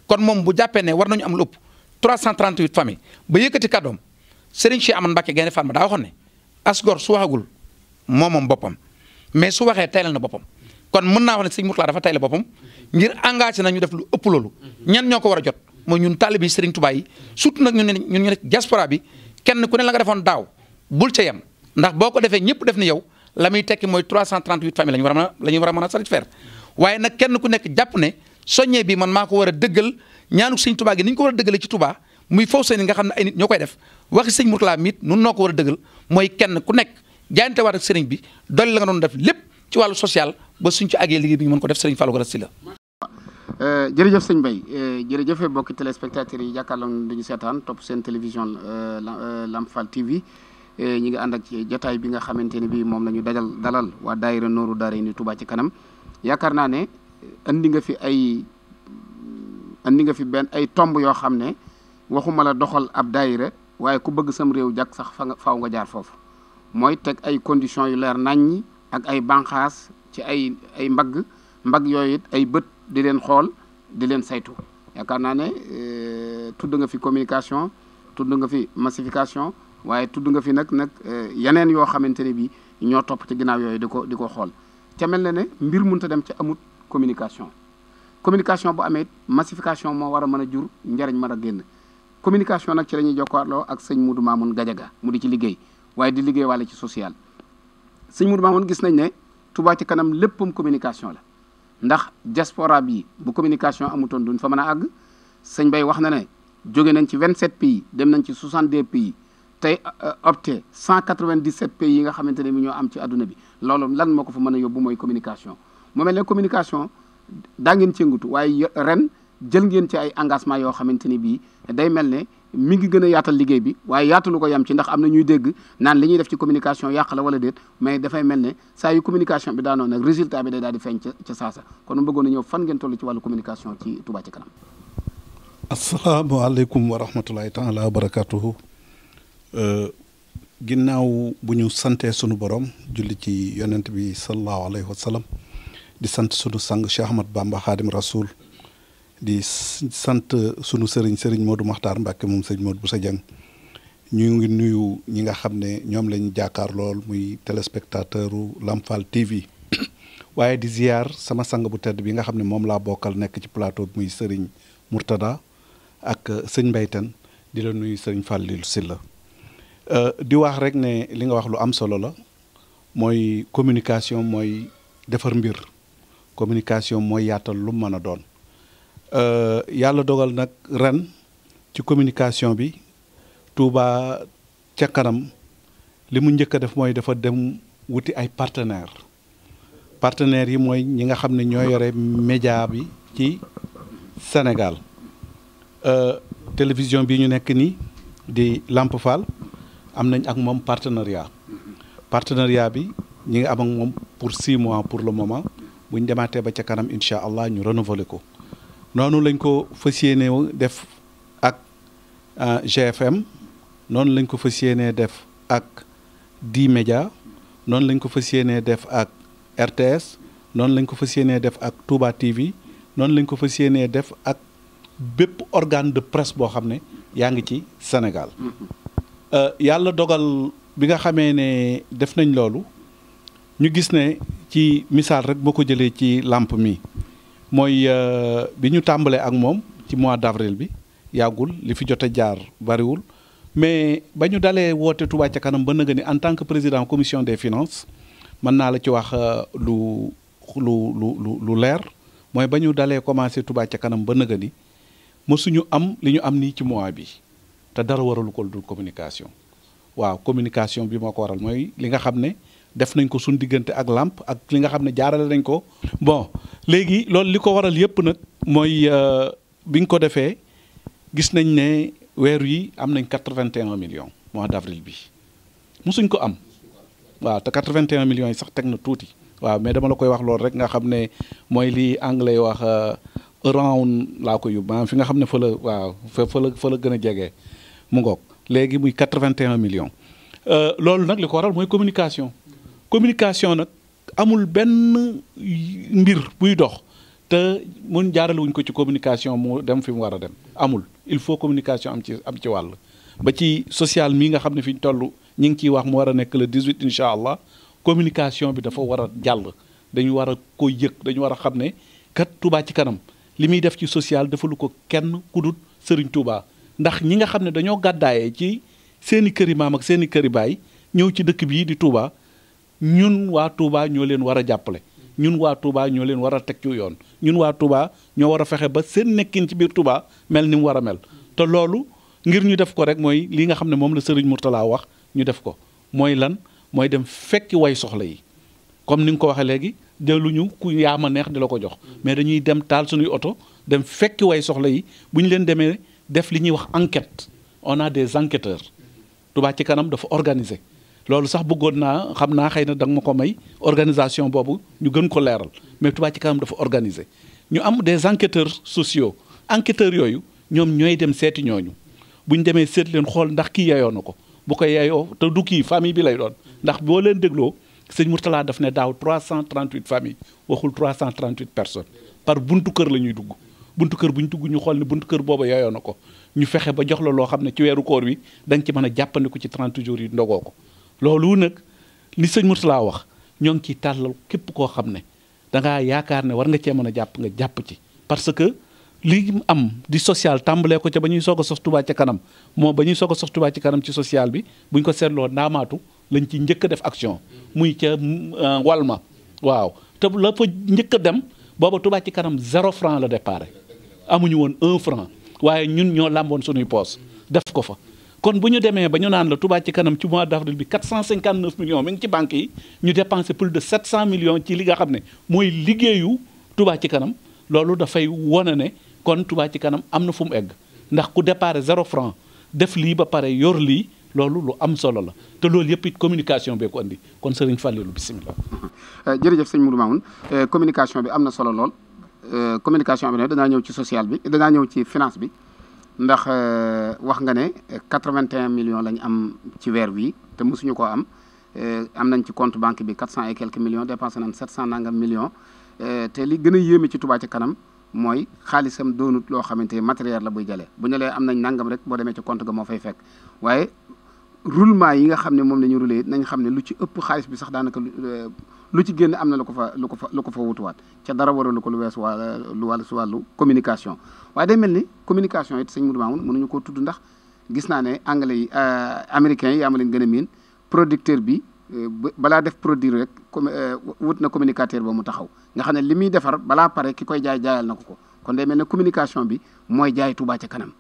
kon moom bu jàppee war nañu am lu ëpp 338 famille ba yëkkati kàddoom sëriñ Cheikh Amadou Mbacke Gaïndé Fatma daa waxoon ne asgor su waxagul moom moom boppam mais su waxee teelal na boppam kon mën naa wax ne sëriñ Mourtala dafa teyle boppam ngir engagé na ñu def lu ëpp loolu ñan ñoo ko war a jot mooy ñun taalibe yi sëriñ Tuubaa yi surtout nag ñun ñun ñu nekk diaspora bi kenn ku ne la nga defoon daaw bul ca yem ndax boo ko defee ñëpp def ni yow la tekki mooy 338 famille la ñu war a mën a la ñu war a mën a satisfaire waaye nag kenn ku nekk jàpp ne soññee bi man maa ko war a dëggal ñaanu sëñ Touba gi ni ñu ko war a ci Touba muy faw seen nga xam ne ay nit ñoo koy def waxi sëñ Mourtala mi it nun noo ko war dëggal mooy kenn ku nekk jaayante waat ak sëriñ bi dolli la nga doon def lépp ci wàllu social ba suñ ci àggee liggéey bi ñu mën ko def sëriñ Fallou Galassi la euh, jërëjëf sëñ Bay euh, jërëjëfe bokki téléspectateurs yi jàkkaarloo duñu seetaan topp seen télévision euh, Lamp Fall TV Eh, ñi ngi ànd ak jataay bi nga xamante ne bii moom la ñu dajal dalal waa daayira nooru daara ni Touba ci kanam yaakaar naa ne andi nga fi ay andi nga fi benn ay tomb yoo xam ne waxuma la doxal ab daayira waaye ku bëgg sam réew jàkk sax fa nga faaw nga jaar foofu mooy teg ay conditions yu leer naññi ak ay banqaas ci ay ay mbag mbagg yooyu it ay bët di leen xool di leen saytu yaakaar naa ne eh, tudd nga fi communication tudd nga fi massification waaye tudd nga fi nag nag eh, yeneen yoo xamante ne bi ñoo topp ci ginnaaw yooyu di ko di ko xool ca mel na ne mbir mënut a dem ci amut communication communication bu amee massification moo war a mën a jur njariñ mën a génn communication nag ci la ñuy jokkaarloo ak sëñ Moudou Mamoun Gadiaga mu di ci liggéey waaye di liggéey wàlle ci social sëñ Moudou Mamoun gis nañ ne Touba ci kanam léppam communication la ndax diaspora yi bu communication amutoon duñ fa mën a àgg sëñ Bay wax na ne jóge nañ ci 27 pays dem nañ ci 62 pays tey euh, euh, opté 197 pays yi nga xamante ne bi ñoo am ci adduna bi loolu lan moo ko fa mën a yóbbu mooy communication moo mel ne communication daa ngeen cëngutu waaye ren jël ngeen ci ay engagement yoo xamante ni bii day mel ne mi ngi gën yaatal liggéey bi waaye yaatalu ko yam ci ndax am na ñuy dégg naan li ñuy def ci communication yàq la wala déet mais dafay mel ne saa yu communication bi daanoon nag résultat bi day daal di feeñ ca ca saasa kon mu a ñëw fan ngeen toll ci wàllu communication ci Touba ci kanam asalaamaaleykum wa rahmatulahi taala wa barakatuhu Euh, ginnaaw bu ñu santee sunu borom julli ci yonent bi sallallahu alayhi wa sallam di sant sunu sang Cheikh Ahmad Bamba Xaadim Rasoul di sant sunu sëriñ sëriñ Modou Maxtaar Mbàkke moom sëriñ bu Boussa Dieng ñu ngi nuyu ñi nga xam ne ñoom lañ jàkkaar lool muy téléspectateur Lamfal TV waaye di ziar sama sang bu tedd bi nga xam ne moom laa bokkal nekk ci plateau bi muy sëriñ Mourtada ak sëñ Mbaytan di la nuyu sëriñ Fallil Silla Euh, di wax rek ne li nga wax lu am solo la mooy communication mooy defar mbir communication mooy yaata lu mën a doon euh, yàlla dogal nag ren ci communication bi Touba ca kanam li mu njëkk a def mooy dafa dem wuti ay partenaires partenaires yi mooy ñi nga xam ne ñoo yore média bi ci Sénégal euh, télévision bi ñu nekk nii di Lamp Fall am nañ ak moom partenariat partenariat bi ñi ngi am moom pour six mois pour le moment bu ñu demaatee ba ca kanam incha allah ñu renouveler ko noonu lañ ko fas yéenee def ak euh, GFM noonu lañ ko fas yéenee def ak D-Media noonu lañ ko fas yéenee def ak RTS noonu lañ ko fas yéenee def ak Touba TV noonu lañ ko fas yéenee def ak bépp organe de presse boo xam ne yaa ngi ci Sénégal. Euh, yàlla dogal bi nga xamee ne def nañ loolu ñu gis ne ci misaal rek boo ko jëlee ci làmp mi mooy euh, bi ñu tàmbalee ak moom ci mois d'avril bi yàggul li fi jot a jaar bariwul mais ba ñu dalee woote Touba ca kanam ba nga ni en tant que président commission des finance mën naa la ci wax euh, lu lu lu lu leer mooy ba ñu dalee commencé Touba ca kanam ba nga ni mësuñu am li ñu am nii ci mois bi. dara waralu ko dul communication waaw communication bi moo ko waral mooy li nga xam ne def nañ ko suñ diggante ak làmp ak li nga xam ne jaarale nañ ko bon léegi loolu li ko waral yëpp nag mooy euh, bi ñu ko defee gis nañ ne weer yi am nañ 81 millions mois d'avril bi musuñ ko am waaw te 81 millions sax teg na tuuti waaw mais dama la koy wax loolu rek nga xam ne mooy li anglais wax euh, around laa ko yóbbu maanaam fi nga xam ne fa la waaw fa la gën a jege mu ngoog léegi muy 81 millions euh, loolu nag li ko waral mooy communication communication nag amul benn mbir buy dox te mun jaarale ko ci communication mu dem fi mu war a dem amul il faut communication am ci am ci wàll ba ci social mii nga xam ne fi ñu toll ñi ngi ciy wax mu war a nekk le 18 incha allah communication bi dafa war a jàll dañu war a ko yëg dañu war a xam ne kat Touba ci kanam li muy def ci social defalu ko kenn ku dul Serigne Touba. ndax ñi nga xam ne dañoo gàddaayee ci seeni këri maam ak seeni këri baay ñëw ci dëkk bii di Touba ñun waa Touba ñoo leen war a jàppale ñun waa Touba ñoo leen war a teg ci yoon ñun waa Touba ñoo war a fexe ba seen nekkin ci biir Touba mel ni mu war a mel te loolu ngir ñu def ko rek mooy lii nga xam ne moom la Serigne Mourtala wax ñu def ko mooy lan mooy dem fekki way soxla yi comme ni nga ko waxee léegi jëluñu ku yaama neex di la ko jox mais dañuy dem taal suñuy oto dem fekki way soxla yi bu leen demee def li ñuy wax enquête on des enquêteurs Touba ci kanam dafa organiser loolu sax bëggoon naa xam naa xëy na danga ma ko may organisation boobu ñu gën ko leeral mais Touba ci kanam dafa organiser ñu am des enquêteurs sociaux enquêteurs yooyu ñoom ñooy dem seeti ñooñu bu ñu demee seet leen xool ndax kii yeyoo na ko bu ko yeyoo te du kii famille bi lay doon ndax boo leen dégloo sëñ Mourtala daf ne daaw 338 familles waxul 338 personnes par buntu kër la ñuy dugg. buntu kër bu ñu dugg ñu xool ne buntu kër booba yooyoo na ko ñu fexe ba jox la loo xam ne ci weeru koor bi da ci mën a jàppandiku ci 30 jours yi ndogoo ko loolu nag li sëñ laa wax ñoo ngi ciy tàllal képp koo xam ne dangaa yaakaar ne war nga cee mën a jàpp nga jàpp ci parce que li am di social tàmbalee ko ca ba ñuy soog a sos Touba kanam moo ba ñuy soog a sos Touba ca kanam ci social bi buñ ko seetloo ndaamaatu lañ ci njëkk a def action muy ca euh, walma waaw te la fa njëkk dem booba tubaat ci kanam zéro franc la déparé amuñu woon un franc waaye ñun ñoo làmboon suñuy poos def ko fa kon bu ñu demee ba ñu naan la Touba ci kanam ci mois d' avril bi 459 millions mi ngi ci banque yi ñu dépensé plus de 700 millions ci li nga xam ne mooy liggéeyu Touba ci kanam loolu dafay wane ne kon Touba ci kanam am na fu mu egg ndax ku départ zéro franc def lii ba pare yor lii loolu lu am solo la te loolu yëpp it communication bee ko andi kon Serigne Fallilou bisimilah. Eh, jërëjëf sëñ Mourou Mamoun eh, communication bi am na solo lool. Euh, communication bi nag danaa ñëw ci sociale bi danaa ñëw ci finance bi ndax euh, wax nga ne quatre-vingt-un millions lañ am ci weer wii te mosuñu ko am euh, am nañ ci compte banque bi quatre cent et quelques millions dépensé nañ sept cent nangam millions te li gën a ci Touba ci kanam mooy xaalisam doonut loo xamante ni matériel la buy jale bu ñu am nañ nangam rek boo demee ci compte ga moo fay fekk waaye roulement yi nga xam ne moom la ñu roulé nañ xam ne lu ci ëpp xaalis bi sax daanaka lu ci génn am na lu ko fa lu ko fa lu ko fa wutuwaat ca dara waralu ko lu wees waa lu wàllu si wàllu communication waaye day mel ni communication it sëñ Modou Mamoune mënuñu koo tudd ndax gis naa ne anglais yi euh, américains yi yaa ma leen gën miin producteur bi euh, balaa def produire rek euh, wut na communicateur ba mu taxaw nga xam ne li muy defar balaa pare ki koy jaay jaayal na ko ko kon day mel ne communication bi mooy jaay Touba ca kanam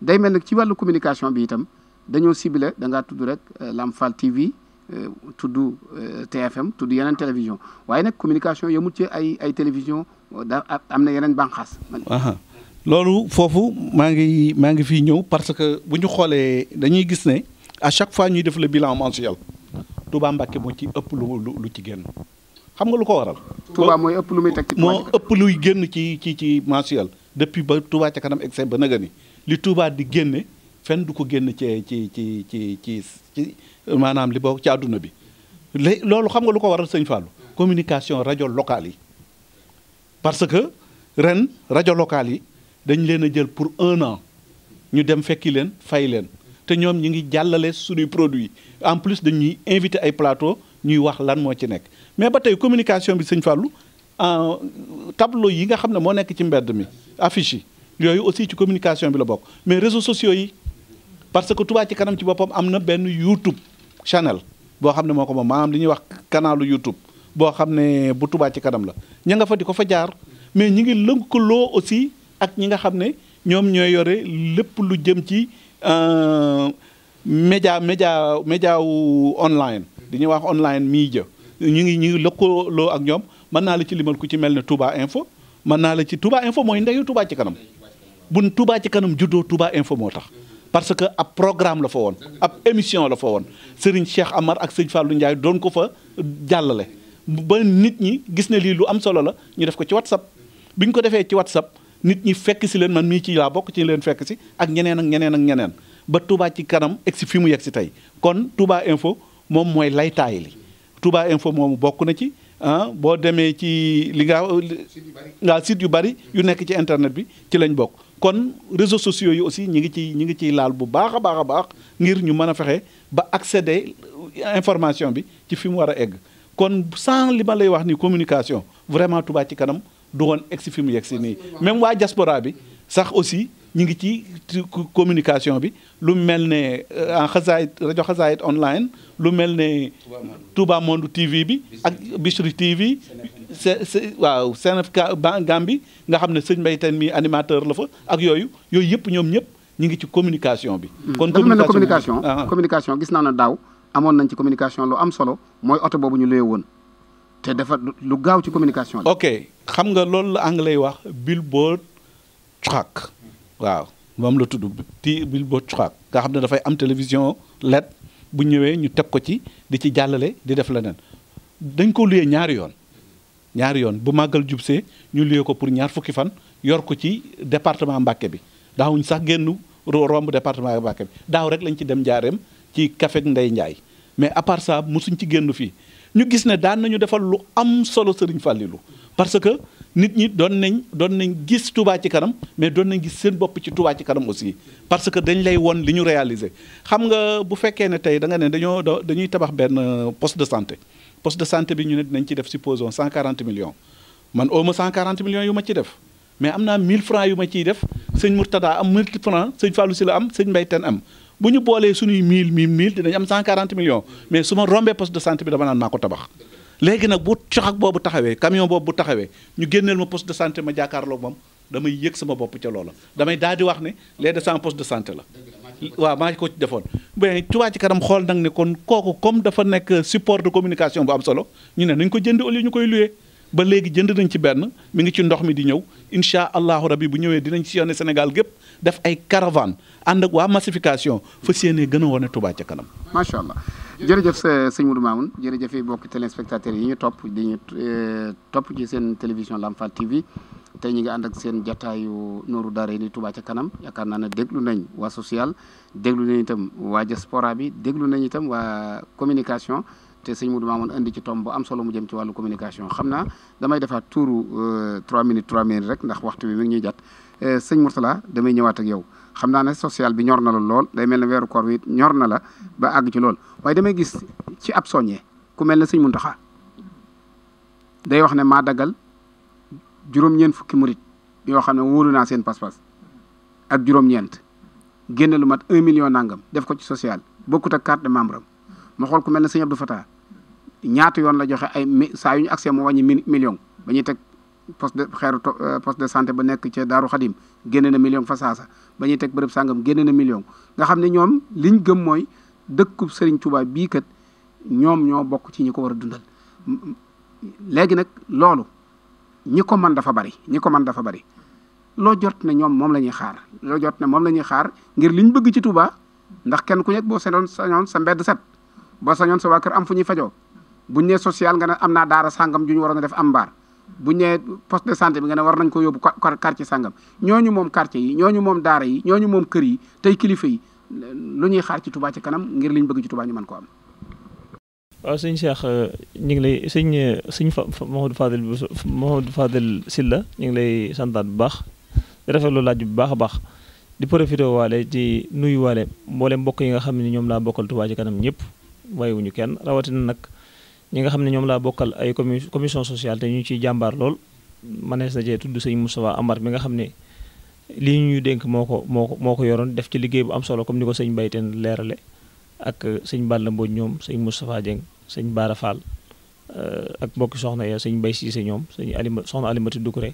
day mel ni ci wàllu communication bi itam dañoo ciblé da ngaa tudd rek Lamp Fall TV Euh, tudd euh, TFM tudd yeneen télévision waaye nag communication yemul ci ay ay télévision da am na yeneen bànqaas. loolu foofu maa ngi maa ngi fii ñëw parce que bu ñu xoolee dañuy gis ne à chaque fois ñuy def le bilan mensuel Touba Mbacké moo ci ëpp lu lu ci génn xam nga lu ko waral. Touba mooy ëpp lu muy teg moo ëpp luy génn ci ci ci mensuel depuis ba Touba ca kanam excès ba naga ni li Touba di génne. fenn du ko génn ci ci ci ci ci ci maanaam li bokk ci àdduna bi le loolu xam nga lu ko waral sëñ Fallou communication rajo locale yi parce que ren rajo locale yi dañ leen a jël pour un an ñu dem fekki leen fay leen te ñoom ñu ngi jàllale suñuy produit en plus dañuy invité ay plateau ñuy wax lan moo ci nekk mais ba tey communication bi sëñ Fallou tableau yi nga xam ne moo nekk ci mbedd mi affiche yi yooyu aussi ci communication bi la bokk mais réseaux sociaux yi parce que tubaa ci kanam ci boppam am na benn YouTube channel boo xam ne moo ko moom maanaam li ñuy wax kanaalu YouTube boo xam ne bu tubaa ci kanam la ña nga fa di ko fa jaar mais ñi ngi lënkaloo aussi ak ñi nga xam ne ñoom ñooy yore lépp lu jëm ci euh, média média média wu online li ñuy wax online media ñu ngi ñu ngi lëkkaloo ak ñoom mën naa la ci limal ku ci mel ne Touba info mën naa la ci tubaa info mooy ndeyu Touba ci kanam bu tubaa ci kanam juddoo tubaa info moo tax parce que ab programme la fa woon ab émission la fa woon Serigne Cheikh Amar ak Serigne Fallou Ndiaye doon ko fa jàllale ba nit ñi gis ne lii lu am solo la ñu def ko ci WhatsApp bi ñu ko defee ci WhatsApp nit ñi fekk si leen man mii ci laa bokk ci leen fekk si ak ñeneen ak ñeneen ak ñeneen ba Touba ci kanam egg si fi mu yegg si tey kon Touba Info moom mooy laytaay li Touba Info moomu bokk na ci ah boo demee ci li nga waaw yu bari yu nekk ci internet bi ci lañ bokk kon réseaux sociaux yi aussi ñi ngi ciy ñi ngi ciy laal bu baax a baax a baax ngir ñu mën a fexe ba accéder information bi ci fi mu war a egg kon sans li ma lay wax ni communication vraiment Touba ci kanam du woon egg si fi mu yegg si nii même waa diaspora bi sax aussi ñu ngi ci communication bi lu mel ne euh, en xasaayit rajo xasaayit online lu mel ne Touba Monde TV bi ak Bichri TV se waaw CNF bi nga xam ne sëñ Mbaye Tène mi animateur la fa ak yooyu yooyu yëpp ñoom ñëpp ñu ngi ci communication bi hmm. kon communication ah, ah. communication gis naa ne daaw amoon nañ ci communication lu am solo mooy oto boobu ñu luye woon te dafa lu gaaw ci communication ok xam nga loolu la anglais wax billboard track waaw moom la tudd ti billboard track nga xam ne dafay am télévision let bu ñëwee ñu teg ko ci di ci jàllale di def leneen dañ koo luyee ñaari yoon ñaari yoon bu màggal jubsee ñu luyee ko pour ñaar fukki fan yor ko ci département Mbàkke bi daawuñ sax génn romb département Mbàkke bi daaw rek lañ ci dem jaareem ci café Ndey Njaay mais à part ça ci génn fii ñu gis ne daan nañu defal lu am solo Sëriñ Fàllilu parce que nit ñi doon nañ doon nañ gis Touba ci kanam mais doon nañ gis seen bopp ci Touba ci kanam aussi parce que dañ lay won li ñu réaliser xam nga bu fekkee ne tey danga ne dañoo dañuy tabax benn euh, poste de santé poste de santé bi ñu ne dinañ ci def supposons 140 millions man au moins 140 millions yu ma ci def mais am naa 1000 francs yu ma ciy def sëñ Mourtada am 1000 francs sëñ Fallou Sylla am sëñ Mbaye Tène am bu ñu boolee suñuy 1000 1000 1000 dinañ am 140 millions mais su ma rombee poste bi dama naan maa ko léegi nag bu coxak boobu taxawee camion boobu bu taxawee ñu génneel ma poste de santé ma jàkkaarloog moom damay yëg sama bopp ca loola damay daal di wax ne les de sans poste de santé la waaw maa ngi ko ci defoon mais Touba ci kanam xool nag ne kon kooku comme dafa nekk support de communication bu am solo ñu ne nañ ko jënd au ñu koy luyee ba léegi jënd nañ ci benn mi ngi ci ndox mi di ñëw incha allahu rabi bu ñëwee dinañ sillonné Sénégal gépp def ay caravane ànd ak waa massification fas yéenee gën a wane Touba ca kanam macha allah jërëjëf euh, sëñ Modou Mamoun jërëjëf yi bokk téléspectateurs yi ñu topp di ñu euh, topp ci seen télévision Lamfal TV tey ñu ngi ànd ak seen jataayu nooru dara yi ni Touba ca kanam yaakaar naa ne déglu nañ waa social déglu nañ itam waa diaspora bi déglu nañ itam waa communication te sëñ Modou Mamoun indi ci tomb bu am solo mu jëm ci wàllu communication xam naa damay defaat tuuru 3 euh, minutes 3 minutes rek ndax waxtu wi mi ngi ñuy jàtt sëñ Mourtala damay ñëwaat ak yow xam naa ne sociale bi ñor na la lool day mel ne weeru koor wi ñor na la ba àgg ci lool waaye damay gis ci ab soññee ku mel ne sëñ mun taxa day wax ne maa dagal juróom-ñeent fukki murit ñoo xam ne wóolu naa seen pas-pas ak juróom-ñeent génne lu mat un million nangam def ko ci social bokkut ak carte de membre am ma xool ku mel ne sëñ Abdou Fatah ñaata yoon la joxe ay saa yu ñu accès mu wàññi million ba ñu teg poste de xeeru euh, poste de santé ba nekk cee Daaru Xadim génne na million fa saasa ba ñuy teg bërëb sàngam génne na million nga xam ne ñoom liñ gëm mooy dëkku Serigne Touba bii kat ñoom ñoo bokk ci ñi ko war a dundal léegi nag loolu ñi ko mën dafa bari ñi ko mën dafa bari loo jot ne ñoom moom la ñuy xaar loo jot ne moom la ñuy xaar ngir liñ bëgg ci Touba ndax kenn ku nekk boo sañoon sañoon sa mbedd set boo sañoon sa waa kër am fu ñuy fajoo buñ ne social nga ne am naa daar sàngam ju ñu waroon a def am bu ñëwee poste de santé bi nga ne war nañ ko yóbbu karti sàngam ñooñu moom quartier yi ñooñu moom daara yi ñooñu moom kër yi tey kilifa yi lu ñuy xaar ci Touba ci kanam ngir liñ bëgg ci Touba ñu mën ko euh, ñu ngi lay sëñ euh, sëñ Mamadou Fadel Mamadou Fadel Silla ñu ngi lay santaat bu baax di rafetlu laaj bu baax a baax di profité waale di nuyu waale mboolem mbokk yi nga xam ne ñoom laa bokkal Touba ci kanam ñëpp bàyyiwuñu kenn rawatina nag. ñi nga xam ne ñoom laa bokkal ay commi commission sociale te ñu ciy jàmbaar lool manees na cee tudd sëñ Moustapha Amar mi nga xam ne lii ñuy dénk moo ko moo ko moo ko yoroon def ci liggéey bu am solo comme ni ko sañ bay Mbayteen leerale ak sëñ Balla Mbodj ñoom sëñ Moustapha Dieng sëñ Baara Fall euh, ak mbokki soxna ya sëñ Mbay Siise ñoom sëñ Alima soxna Alimati Dukure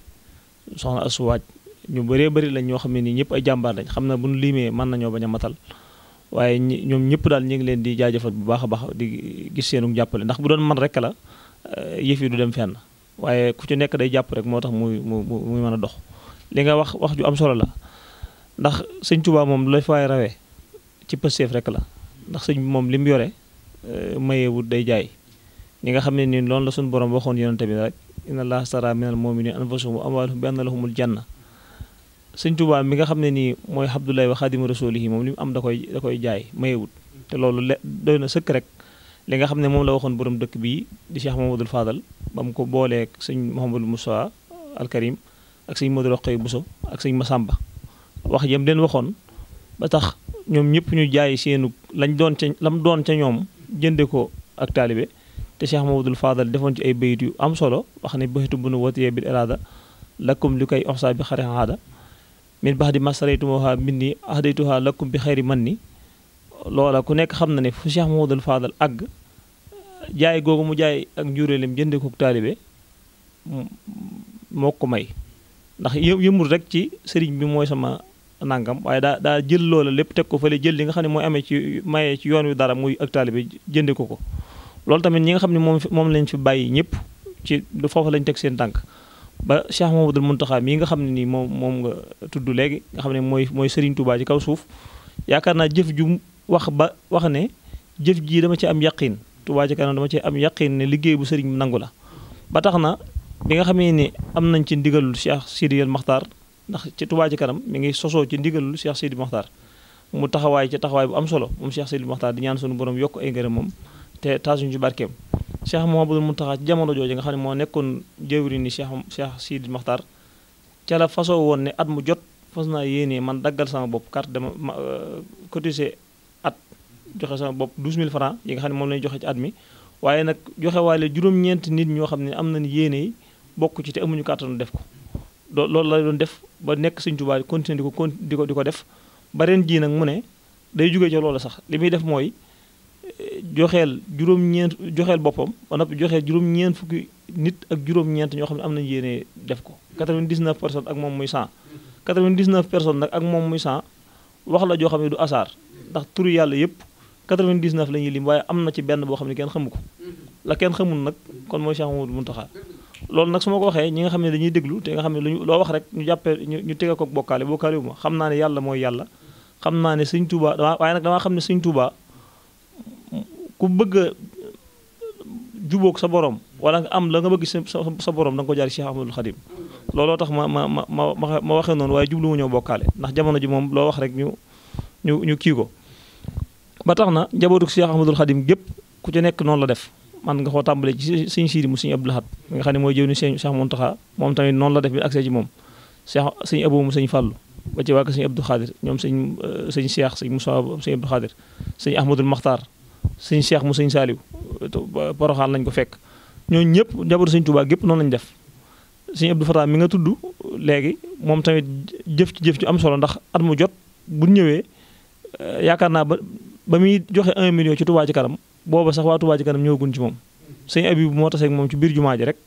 soxna Asuwaaj ñu baree bari lañ ñoo xam ne nii ñëpp ay jàmbaar lañ xam na bu ñu limee mën nañoo bañ a matal waaye ñoom ñëpp daal ñu ngi leen di jaajëfal bu baax a baax di gis seenu jàppale ndax bu doon man rekk la eh, yëf yi du dem fenn waaye ku ci nekk day jàpp rek moo tax muy mu muy mën a dox li nga wax wax ju am solo la ndax sëñ Tuubaa moom la fay rawee ci pësteef rek la ndax sëñ moom li mu yore eh, mayeewut day jaay ñi nga xam ne nii loolu la suñu borom waxoon yonente bi rek inna allaha stara moom mu'minina anfusahum wa amwalahum bi anna lahumul janna sëñ Tuubaa mi nga xam ne nii mooy Abdoulaye wa Xaadimu Rasuulihi moom li mu am da koy da koy jaay mayewut te loolu le doy na sëkk rek li nga xam ne moom la waxoon borom dëkk bii di Cheikh Mamadou Fadal ba mu ko booleeg sëñ moom Moussa al Karim ak sëñ Modou Rokhaya Bousso ak sëñ Massamba wax jëm leen waxoon ba tax ñoom ñëpp ñu jaay seenu lañ doon ca lam doon ca ñoom jënde ko ak taalibe te Cheikh Mamadou Fadal defoon ci ay bayit yu am solo wax ne bayitu bu nu watiyee bil irada lakkum li koy oxsa bi xare min ba'di maa saraytumuuhaa minnii ahdaytuhaa lakum bi xayri manni loola ku nekk xam na ne fu moo Mouhamadoul Fadal àgg jaay googu mu jaay ak njuréelam jënde ko taalibe moo ko may ndax yëmul rek ci sëriñ bi mooy sama nangam waaye daa daa jël loola lépp teg ko fële jël li nga xam ne mooy amee ci mayee ci yoon wi dara mooy ak taalibe jënde ko ko loolu tamit ñi nga xam ne moom moom lañ fi bàyyi ñëpp ci foofu lañ teg seen tànk ba Cheikh Mamadou Mountakha mii nga xam ne nii moom moom nga tudd léegi nga xam ne mooy mooy Serigne Touba ci kaw suuf yaakaar naa jëf ju wax ba wax ne jëf jii dama ci am yaqin Touba ci kanam dama ci am yaqin ne liggéey bu Serigne nangu la. ba tax na bi nga xamee ne am nañ ci ndigalul Cheikh Sidi Maxtaar ndax ci Touba ci kanam mi ngi sosoo ci ndigalul Cheikh Sidi Maxtaar mu taxawaay ci taxawaay bu am solo moom Cheikh Sidi Maxtaar di ñaan sunu borom yokk ay ngërëm moom te taasuñu ci barkeem Cheikh Mouhamadul mu ci jamono jooju nga xam ne moo nekkoon jëwriñ ni Cheikh Cheikh Sidi Makhtar ca la fasoo woon ne at mu jot fas naa yéenee man daggal sama bopp carte dama ma euh, cotiser at joxe sama bopp mille francs yi nga xam ne moom lañu joxe ci at mi waaye nag joxe waale juróom-ñeenti nit ñoo xam ne am nañ yéene bokk ci te amuñu kàttanu def ko loolu la doon def ba nekk Sëñ Tuubaa di continuer di ko di ko di ko def ba ren jii nag mu ne day jógee ca loolu sax li muy def mooy joxeel juróom-ñeent joxeel boppam ba noppi joxeel juróom-ñeent fukki nit ak juróom-ñeent ñoo xam ne am nañu yéene def ko 99 personnes ak moom muy 100 99 personnes nag ak moom muy 100 wax la joo xam ne du asaar ndax turu yàlla yëpp 99 la ñuy lim waaye am na ci benn boo xam ne kenn xamu ko la kenn xamul nag kon mooy Cheikh Mamadou Mountakha loolu nag su ma ko waxee ñi nga xam ne dañuy déglu te nga xam ne loo wax rek ñu jàppee ñu tega ko bokkaale bokkaale wu ma xam naa ku bëgg a jubóog sa boroom wala nga am la nga bëgg sa sa borom da nga ko jaar Cheikh Ahmadul Xadim looloo tax ma ma ma ma ma waxee noonu waaye jubluwu ñoo bokkaale ndax jamono ji moom loo wax rek ñu ñu kii ko. ba tax na njabootu Cheikh Ahmadul Xadim gépp ku ci nekk noonu la def man nga koo tàmbalee ci sëñ Siidi mu sëñ Abdul Ahad mi xam ne mooy jëwni sëñ Cheikh Mountakha moom tamit noonu la def bi accès moom Cheikh sëñ mu sëñ Fàllu ba ci waa ko sëñ Abdou Xaadir ñoom euh, Ahmadul Maxtaar sëñ Cheikh mu sëñ Saaliw Poroxaan lañ ko fekk ñooñu ñëpp njabootu sëñ Tuubaa gépp noonu lañ def sëñ Abdou Fatah mi nga tudd léegi moom tamit jëf ci jëf ci am solo ndax at jot bu ñëwee eh, yaakaar naa ba ba muy joxe un million ci Tuubaa ci kanam booba sax waa Tuubaa ci kanam ñëwagun ci moom sëñ Abibu moo taseeg moom ci biir jumaa ji rek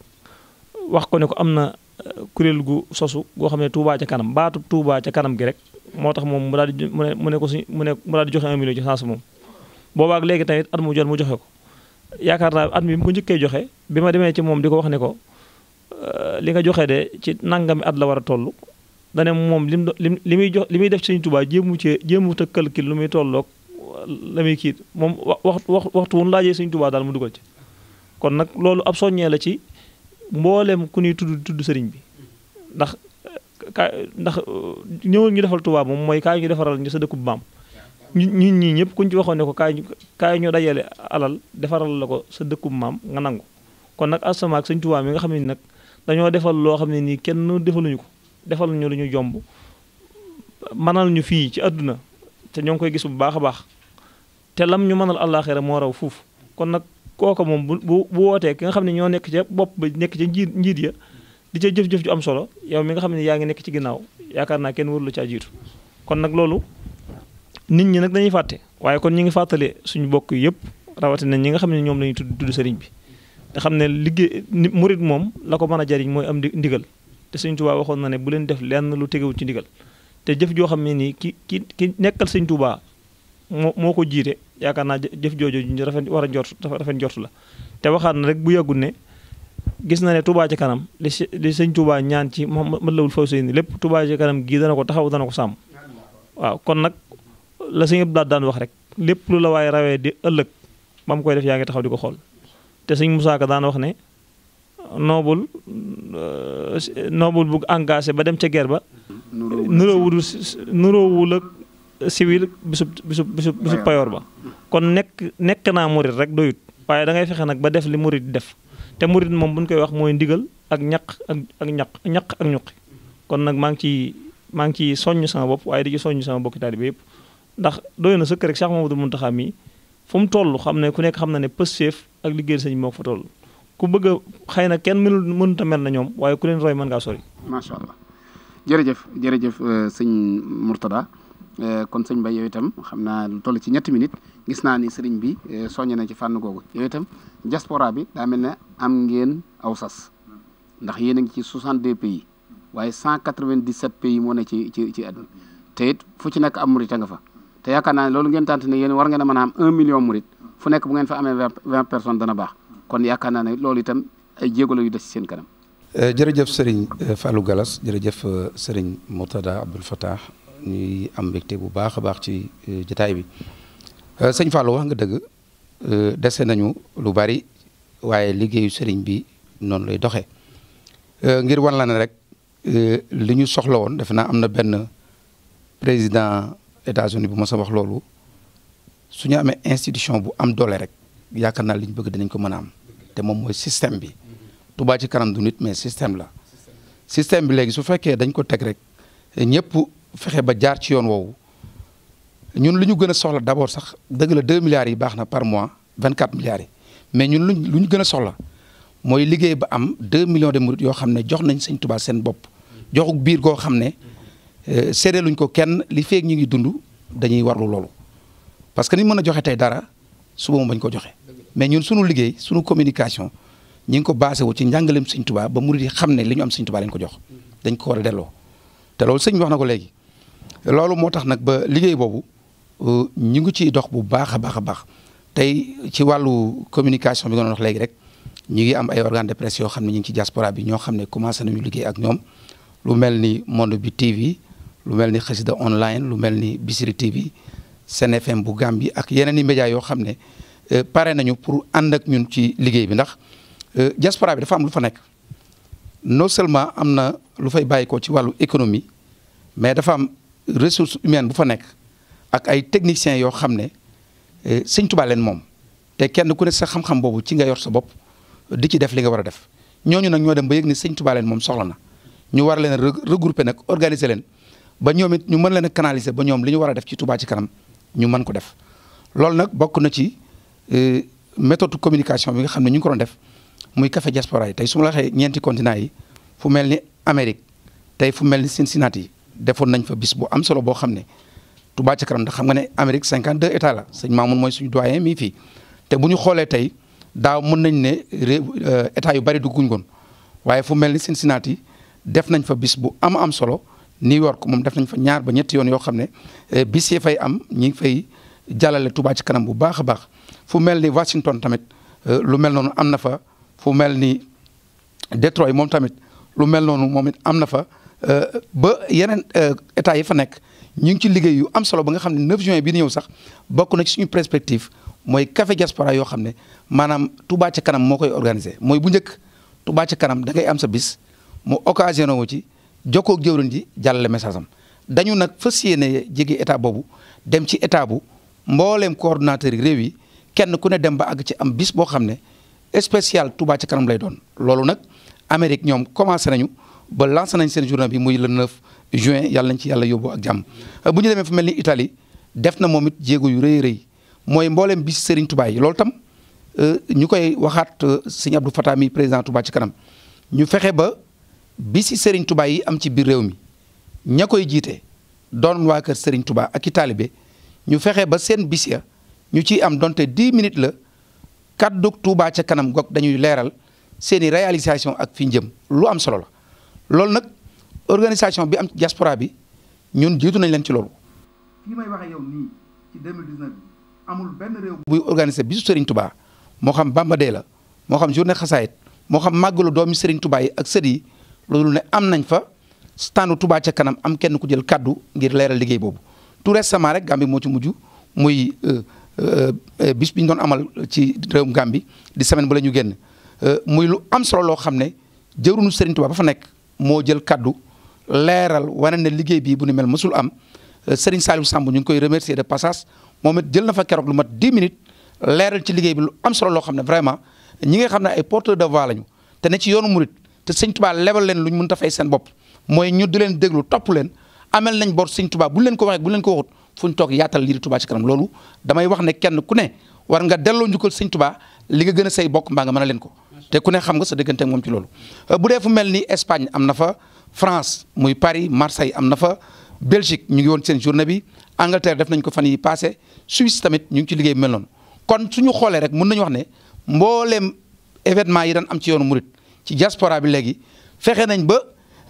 wax ko ne ko am na eh, kuréel gu sosu goo xam ne Tuubaa ca kanam baatu Tuubaa ca kanam gi rek moo tax moom mu daal di mu ne mu ne mu ne mu daal di joxe un million ci sens moom boobaak léegi tamit at mu jot mu joxe ko yaakaar naa at mi mu ko njëkkee joxe bi ma demee ci moom di ko wax ne ko euh, li nga joxe de ci mi at la war a toll dana moom lim lim li muy jox li muy def Sëriñ tubaa jéemu ci jéemu ta calcul lu muy tolloog la muy kiit moom wax wax waxtu wun laajee Sëriñ Tuubaa daal mu dugal ci kon nag loolu ab soññee la ci mboolem ku ñuy tudd tudd sëriñ bi ndax ka ndax euh, ñëwul ñu defal Tuubaa moom mooy kaa ñu defaral ñu sa dëkkub maam ñu ñii ñëpp kuñ ci waxoon ne ko kaay kaay ñu dajale alal defaral la ko sa dëkkum maam nga nangu kon nag asama ak sëñ mi nga xam ne nag dañoo defal loo xam ne nii kenn defaluñu ko defal ñu lu ñu jomb mënal ñu fii ci àdduna te ñoo ngi koy gis bu baax a baax te lam ñu mënal àllaaxira moo raw fuuf kon nag kooka moom bu bu bu wootee ki nga xam ne ñoo nekk ca bopp ba nekk ca njiit njiit ya di ca jëf-jëf ju am solo yow mi nga xam ne yaa ngi nekk ci ginnaaw yaakaar naa kenn warul la caa jiitu nit ñi nag dañuy fàtte waaye kon ñi ngi fàttale suñu bokk yëpp rawatina ñi nga xam ne ñoom lañuy tudd tudd sëriñ bi te xam ne liggéey murit moom la ko mën a jariñ mooy am ndigal te sëñ Tuubaa waxoon na ne bu leen def lenn lu tegewul ci ndigal te jëf joo xam ne nii ki ki ki nekkal sëñ Tuubaa moo moo ko jiite yaakaar naa jëf joojo ju rafet war a njort rafet njort la te waxaat na rek bu yàggul ne gis na ne tubaa ci kanam li li sëñ Touba ñaan ci Matlabul Fawzayni lépp tubaa ci kanam gii dana ko taxaw dana ko sàmm waaw la sëñ Abdou Lahad daan wax rek lépp lu la waaye rawee di ëllëg ba mu koy def yaa ngi taxaw di ko xool te sëñ Moussa Ka daan wax ne noobul euh, noobul bu engagé ba dem ca guerre ba. nuroowul nuroowul ak civil bisub bisub bisub bisub payoor ba. kon nekk nekk naa murit rek doyut waaye da ngay fexe nag ba def li murit def te murit moom bu ñu koy wax mooy ndigal ak ñaq ak ñaq ñaq ak ñuqi kon nag maa ngi ciy maa ngi ciy soññ sama bopp waaye di ci soññ sama bokki taalibe ndax doy na sëkk rek Cheikh Mamadou Mountakha mi fu mu toll xam ne ku nekk xam na ne pësteef ak liggéey sëñ moo ko fa toll ku bëgg a xëy na kenn mënul mënut a mel na ñoom waaye ku leen roy mën ngaa sori. macha allah jërëjëf jërëjëf euh, sëñ Mourtada euh, kon sëñ Mbaye yow itam xam naa lu toll ci ñetti minutes gis naa ni sëriñ bi euh, soññe na ci fànn googu yow itam diaspora bi daa mel ne am ngeen aw sas ndax yéen a ngi ci 62 pays waaye 197 pays moo ne ci ci ci àdduna it fu ci nekk am murite nga fa. te yaakaar naa ne loolu ngeen tànt ne yéen war ngeen am un million murit fu nekk bu ngeen fa amee vingt personnes dana baax kon yaakaar naa ne loolu itam ay jéego la yu des ci seen kanam. Euh, jërëjëf sëriñ euh, Fallou Gallas jërëjëf euh, Serigne Murtada Abdoul Fattah ñuy am mbégte bu baax a baax ci jotaay bi sëñ Fallou wax nga dëgg dese nañu lu bari waaye liggéeyu Serigne bi noonu lay doxee ngir wan rek li ñu soxla woon defe naa am na benn président. États-Unis bu ma sa wax loolu su ñu amee institution bu am doole rek yaakaar naa li ñu bëgg dinañ ko mën a am te moom mooy système bi Touba ci kanam du nit mais système la système bi léegi su fekkee dañ ko teg rek ñëpp fexe ba jaar ci yoon woowu ñun lu ñu gën a soxla d'abord sax dëgg la deux milliards yi baax na par mois 24 milliards yi mais ñun luñ lu ñu gën soxla mooy liggéey ba am 2 millions de murid yoo xam ne jox nañ Sëñ tubaa seen bopp joxu biir goo xam ne. Euh, séedeeluñ ko kenn li feeg ñu ngi dund dañuy warlu loolu parce que ni mën a joxe tey dara suba moom bañ ko joxe mais ñun suñu liggéey suñu communication ñi ngi ko basé wu ci njàngaleem Sëñ Tuubaa ba murid di xam ne li ñu am Sëñ Tuubaa lañ ko jox dañ ko war a delloo te loolu sëñ wax na ko léegi loolu moo tax nag ba liggéey boobu euh, ñu ngi ciy dox bu baax a baax a baax tey ci wàllu communication bi nga rek ñu ngi am ay organe de presse yoo xam ne ñu ngi ci diaspora bi ñoo xam ne commencé nañu liggéey ak ñoom lu mel ni Monde bi TV lu mel ni xasida online lu mel ni Bichri TV Sen FM bu Gambie ak yeneen i médias yoo xam ne euh, pare nañu pour ànd ak ñun ci liggéey bi ndax euh, diaspora bi dafa am lu fa nekk non seulement am na lu fay bàyyi ko ci wàllu économie mais dafa am ressource humaine bu fa nekk ak ay techniciens yoo xam ne euh, sëñ Tuubaa moom te kenn ku ne sa xam-xam boobu ci nga yor sa bopp di ci def li nga war a def ñoo ñu nag ñoo dem ba yëg ni sëñ Tuubaa moom soxla na ñu war leen regrouper nag organiser leen ba ñoom it ñu mën leen a canaliser ba ñoom li ñu war a ci Touba kanam ñu mën ko def loolu nag bokk na ci euh, méthode communication bi nga xam ne ñu ngi ko doon def muy café diaspora tey su ma la waxee ñeenti continent yi fu mel ni amerique tey fu mel ni Cincinnati defoon nañ fa bis bu am solo boo xam ne Touba ci kanam xam nga ne Amérique 52 états la sëñ Mamoun mooy suñu doyen mii fii te bu ñu xoolee tey daaw mën nañ ne euh, état yu bari dugguñ woon waaye fu mel ni Cincinnati def nañ fa bis bu am am solo. New York moom def nañ fa ñaar ba ñetti yoon yoo xam ne eh, bis yi fay am ñi ngi fay jàllale Touba ci kanam bu baax a baax fu mel ni Washington tamit eh, lu mel noonu am na fa fu mel ni Detroit moom tamit lu mel noonu moom it am na fa eh, ba yeneen état yi fa nekk ñu ngi ci liggéey yu am solo ba nga xam ne 9 juin bi ñëw sax bokk na ci suñu perspective mooy café diaspora yoo xam ne maanaam Touba ci kanam moo koy organisé mooy bu njëkk Touba ci kanam da ngay am sa bis mu occasionné wu ci. jokkoo ak jëwriñ ji jàllale message am dañu nag fas yéene jege état boobu dem ci état bu mbooleem coordonnateur yi réew yi kenn ku ne dem ba àgg ci am bis boo xam ne spécial Touba ci kanam lay doon loolu nag Amérique ñoom commencé nañu ba lance nañ seen journée bi muy le 9 juin yàlla nañ ci yàlla yóbbu ak jàmm bu ñu demee fu mel ni itali def na moom it jéego yu rëy rëy mooy mbooleem bis Serigne Touba yi loolu tam euh, ñu koy waxaat euh, sëñ Abdou Fatah mi président Touba ci kanam bi si Serigne Touba yi am ci biir réew mi ña koy jiite doon waa kër Serigne Touba ak i taalibe ñu fexe ba seen bis ya ñu ciy am donte dix minutes la kaddu Touba ca kanam goog dañuy leeral seeni i réalisation ak fi njëm lu am solo la. loolu nag organisation bi am ci bi ñun jiitu nañ leen ci loolu. fii may waxe yow nii ci Serigne Touba moo xam Bamba Day la moo xam journée xasaayit moo xam màggalu doomi Serigne Touba yi ak sët loolu ne am nañ fa standu tubaa ca kanam am kenn ku jël kaddu ngir leeral liggéey boobu tout récemment rek Gambie moo ci mujj muy euh, euh, euh, bis bi ñu doon amal ci réewum Gambie di semaine ba la ñu génn muy lu am solo loo xam ne jëwruñu Serigne Touba ba nekk moo jël kaddu leeral wane ne liggéey bii bu ni mel mësul am Serigne Saliou Samb ñu ngi koy remercier de passage moom jël na fa keroog lu mat 10 minutes leeral ci liggéey bi lu am solo loo xam ne vraiment ñi nga xam ne ay porteurs de voix lañu te ne ci yoonu murit te sëñ tubaa lebal leen luñ mun ta fay seen bopp mooy ñu di leen déglu topp leen amel nañ bor sëñ tubaa bu leen ko waxee bu leen ko waxut fu ñu toog yaatal lii di tubaa ci kanam loolu damay wax ne kenn ku ne war nga delloo njukkal sëñ tubaa li nga gën a say bokk mbaa nga mën leen ko te ku ne xam nga sa diggante ak ci loolu euh, bu dee fu mel ni Espagne am na fa France muy Paris Marseille am na fa Belgique ñu ngi woon seen journée bi Angleterre def nañ ko fan yi passé Suisse tamit ñu ngi ci liggéey mel noonu kon suñu xoolee rek mën nañu wax ne mbooleem événement yi daan am ci yoonu murit ci diaspora bi léegi fexe nañ ba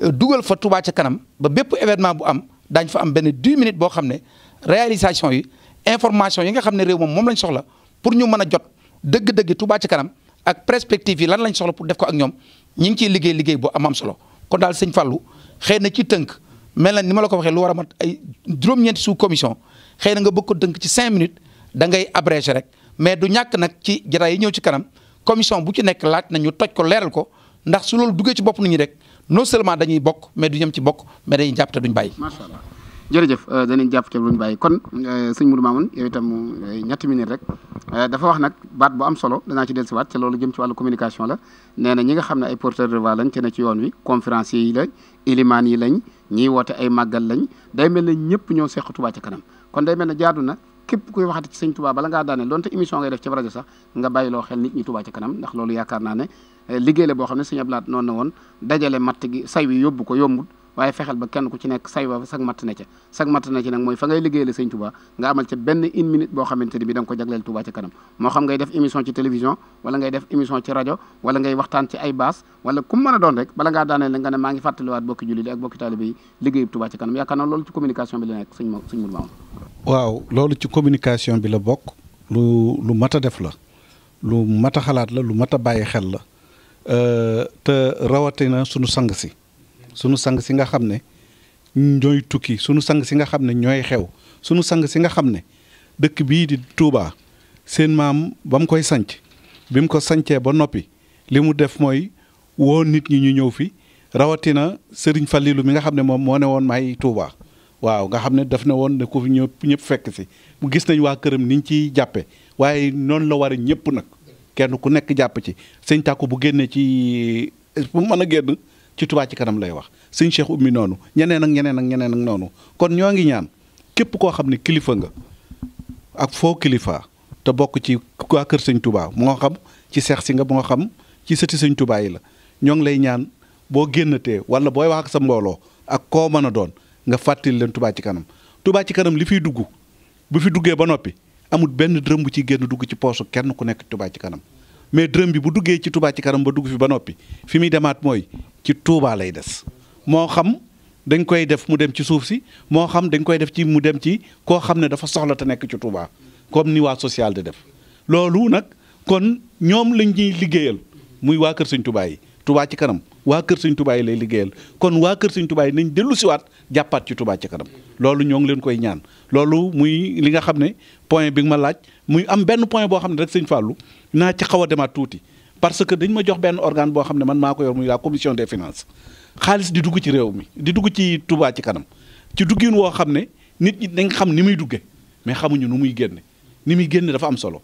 euh, dugal fa tubaa ci kanam ba bépp événement bu am daañ fa am benn 10 minutes boo xam ne réalisation yi information yi nga xam ne réew moom moom lañ soxla pour ñu mën a jot dëgg-dëgg tubaa ci kanam ak perspective yi lan lañ soxla pour def ko ak ñoom ñi ngi ciy liggéey liggéey boo am am solo kon daal sëñ Fallou xëy na ci tënk mel na ni ma la ko waxee lu war a mat ay juróom-ñeenti sous commission xëy na nga bëgg ko tënk ci cinq da ngay abrégé rek mais du ñàkk nag ci jataay yi ñëw ci kanam commission bu ci nekk laaj na ñu toj ko leeral ko ndax su loolu duggee ci bopp nit ñi rek non seulement dañuy bokk mais du yem ci bokk mais dañuy jàpp te duñ bàyyi. macha allah jërëjëf euh, danañ bàyyi kon euh, sëñ Mourou Mamoun yow itam euh, ñetti minute rek dafa wax nag baat bu am solo danaa ci del dellusiwaat te loolu jëm ci wàllu communication la nee ñi nga xam ne ay porteurs de lañ te ne ci yoon wi conférenciers yi la ilimaan yi lañ ñiy woote ay màggal lañ day mel ne ñëpp ñoo seq Touba ca kanam kon day mel ne jaadu na képp kuy waxati ci sëñ Touba bala ngaa daane donte émission ngay def ci rajo sax nga bàyyiloo xel nit kanam ndax loolu yaakaar Euh, liggéey la boo xam ne Sëñ Abdu Lahat na woon dajale matt gi say wi yóbbu ko yombut waaye fexeel ba kenn ku ci nekk say wa sag matt ne ca sag matt na ci nag mooy fa ngay liggéeyal Sëñ Tuubaa nga amal ca benn une minute boo xamante ni bi da ko jagleel Tuubaa ci kanam moo xam ngay def émission ci télévision wala ngay def émission ci rajo wala ngay waxtaan ci ay baas wala ku mën a doon rek bala ngaa daaneel nga ne maa ngi fàttaliwaat bokki jullit ak bokki taalibe yi liggéeyub Tuubaa ci kanam yaakaar naa loolu ci communication bi la nekk sëñ sëñ Modu bi la bokk lu lu mat a def la lu mat a xalaat lu mat a bàyyi xel la Euh, te rawatina sunu sang si sunu sang si nga xam ne ñooy tukki sunu sang si nga xam ne ñooy xew sunu sang si nga xam ne dëkk bii di Touba seen maam ba mu koy sanc bi mu ko sañcee ba noppi li mu def mooy woo nit ñi ñu ñëw fi rawatina Serigne Fallilou mi nga xam ne moom moo ne woon may Touba waaw nga xam ne daf ne woon ne ku fi ñëpp ñëpp fekk si gis nañ waa këram niñ ciy jàppe waaye noonu la war a ñëpp nag kenn ku nekk jàpp ci sëñ tàkku bu génnee ci bu mën a génn ci Touba ci kanam lay wax sëñ Cheikh Oumy noonu ñeneen ak ñeneen ak ñeneen ak noonu kon ñoo ngi ñaan képp koo xam ne kilifa nga ak foo kilifa te bokk ci waa kër sëñ Touba moo xam ci seex si nga moo xam ci sëti sëñ Touba la ñoo ngi lay ñaan boo génnatee wala booy wax ak sa mbooloo ak koo mën a doon nga fàttali leen Touba ci kanam Touba ci kanam li fiy dugg bu fi duggee ba noppi amul benn dërëm bu ci génn dugg ci poosu kenn ku nekk tubaa ci kanam mais dërëm bi bu duggee ci Touba ci kanam ba dugg fi ba noppi fi muy demaat mooy ci Touba lay des moo xam dañ koy def mu dem ci suuf si moo xam dañ koy def ci mu dem ci koo xam ne dafa soxla te nekk ci Touba comme ni waa social di def loolu nag kon ñoom lañ ñuy liggéeyal muy waa kër Sëñ Touba yi Touba ci kanam waa kër Sëñ Touba yi lay liggéeyal kon waa kër Sëñ Touba yi nañ dellu siwaat jàppaat ci Touba ci kanam loolu ñoo ngi leen koy ñaan loolu muy li nga xam ne point bi nga ma laaj muy am benn point boo xam ne rek sëñ Fallou naa ci xaw a demaat tuuti parce que dañ ma jox benn organe boo xam ne man maa ko yor muy la commission des finances xaalis di dugg ci réew mi di dugg ci Touba ci kanam ci duggin woo xam ne nit ñi dañ xam ni muy dugge mais xamuñu nu muy génne ni muy génne dafa am solo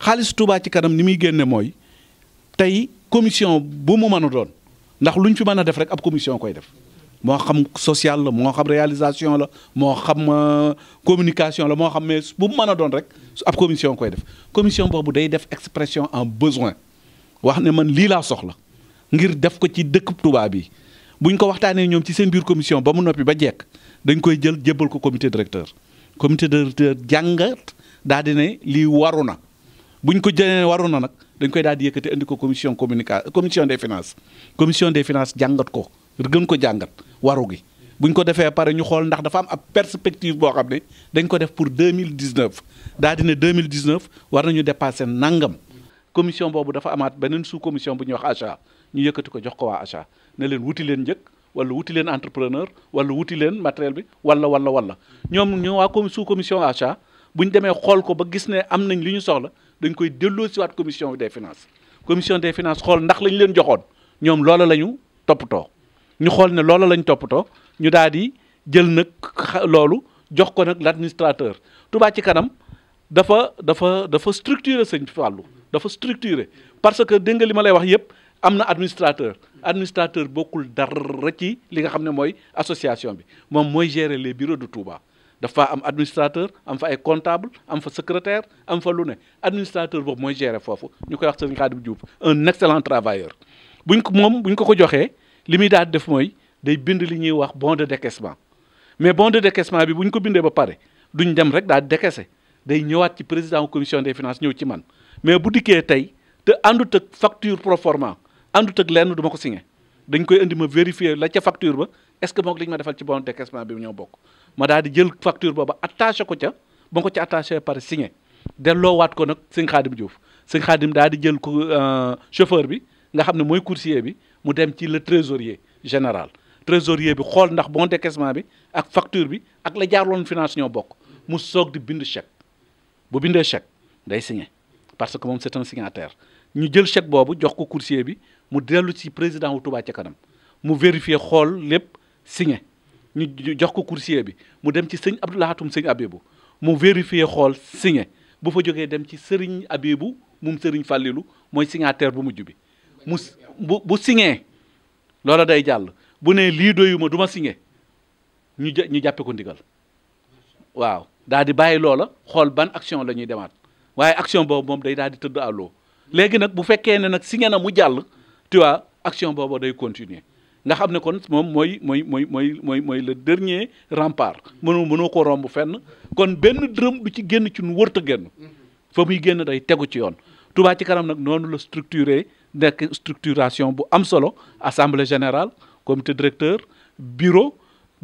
xaalis Touba ci kanam ni muy génne mooy tey commission bu mu mën a doon ndax lu ñu fi mën a def rek ab commission koy def moo xam social la moo xam réalisation la moo xam euh, communication la moo xam mais bu mu mën a doon rek su ab commission koy def commission boobu day def expression en besoin wax ne man lii laa soxla ngir def ko ci dëkk Touba bi buñ ko waxtaanee ñoom ci seen biir commission ba mu noppi ba jekk dañ koy jël jébbal ko comité directeur comité directeur jàngat daal di ne lii waru na buñ ko jëlee waru na nag dañ koy daal di yëkkati indi ko commission communication commission des finances commission des finances jàngat ko. gën ko jàngat waru gi buñ ko defee pare ñu xool ndax dafa am ab perspective boo xam ne dañ ko def pour deux mille dix neuf daa di ne deux mille dix neuf war nañu dépasser nangam. commission boobu dafa amaat beneen sous commission bu ñuy wax achat ñu yëkkati ko jox ko waa achat ne leen wuti leen njëkk wala wuti leen entrepreneur wala wuti leen matériel bi wala wala wala ñoom ñoo waa com sous commission achat bu ñu demee xool ko ba gis ne am nañ li ñu soxla dañ koy delloo si waat commission des finances commission des finances xool ndax lañ leen joxoon ñoom loola la ñu ñu xool ne loolu lañ toppatoo ñu daal di jël nag loolu jox ko nag l' administrateur ci kanam dafa dafa dafa structuré sëñ Fallou dafa structurer parce que dégg li ma lay wax yëpp am na administrateur administrateur bokkul dara ci li nga xam ne mooy association bi moom mooy gérer les bureaux de Touba dafa am administrateur am fa ay comptable am fa secrétaire am fa lu ne administrateur boobu mooy gérer foofu ñu koy wax sëñ Khadim Diouf un excellent travailleur buñ ko moom buñ ko ko joxee. li muy daal def mooy day bind li ñuy wax bon de décaissement mais bon de décaissement bi bu ñu ko bindee ba pare duñ dem rek daal décaissé day ñëwaat ci président commission des finance ñëw ci man mais bu dikkee tey te àndut ak facture proforma àndut ak lenn du ma ko signé dañ koy indi ma vérifier la ca facture ba est-ce que moom li ñu ma defal ci bon de décaissement bi ñoo bokk ma daal di jël facture booba attaché ko ca ba ko ca attaché pare signé delloowaat ko nag sëñ Xaadim Diouf sëñ Xaadim daal di jël ko euh, chauffeur bi nga xam ne mooy coursier bi mu dem ci le trésorier général trésorier bi xool ndax bon décaissement bi ak facteur bi ak la jaarloon finance ñoo bokk mu soog di bind chèque bu bindee chèque day signe parce que moom c'est un signataire ñu jël chèque boobu jox ko coursier bi mu dellu ci président wu Touba ca kanam mu vérifier xool lépp signe ñu jox ko coursier bi mu dem ci sëñ Abdoulahatum sëñ Abibu mu vérifier xool signe bu fa jógee dem ci sëriñ Abibu moom sëriñ Fàllilu mooy signataire bu mujj bi mu bu bu signé loola day jàll bu ne lii doyuma du ma signé ñu ñu jàppe ko ndigal waaw daal di bàyyi loola xool ban action lañuy demaat waaye action boobu moom day daal di tëdd àlloo léegi nag bu fekkee ne nag signé na mu jàll tu vois action boobu day continuer nga xam ne kon moom mooy mooy mooy mooy mooy mooy le dernier rempart mënu mënoo ko romb fenn kon benn dërëm du ci génn ci nu wërta génn fa muy génn day tegu ci yoon tubaa ci kanam nag noonu la structuré nekk structuration bu am solo assemblée général commité directeur bureau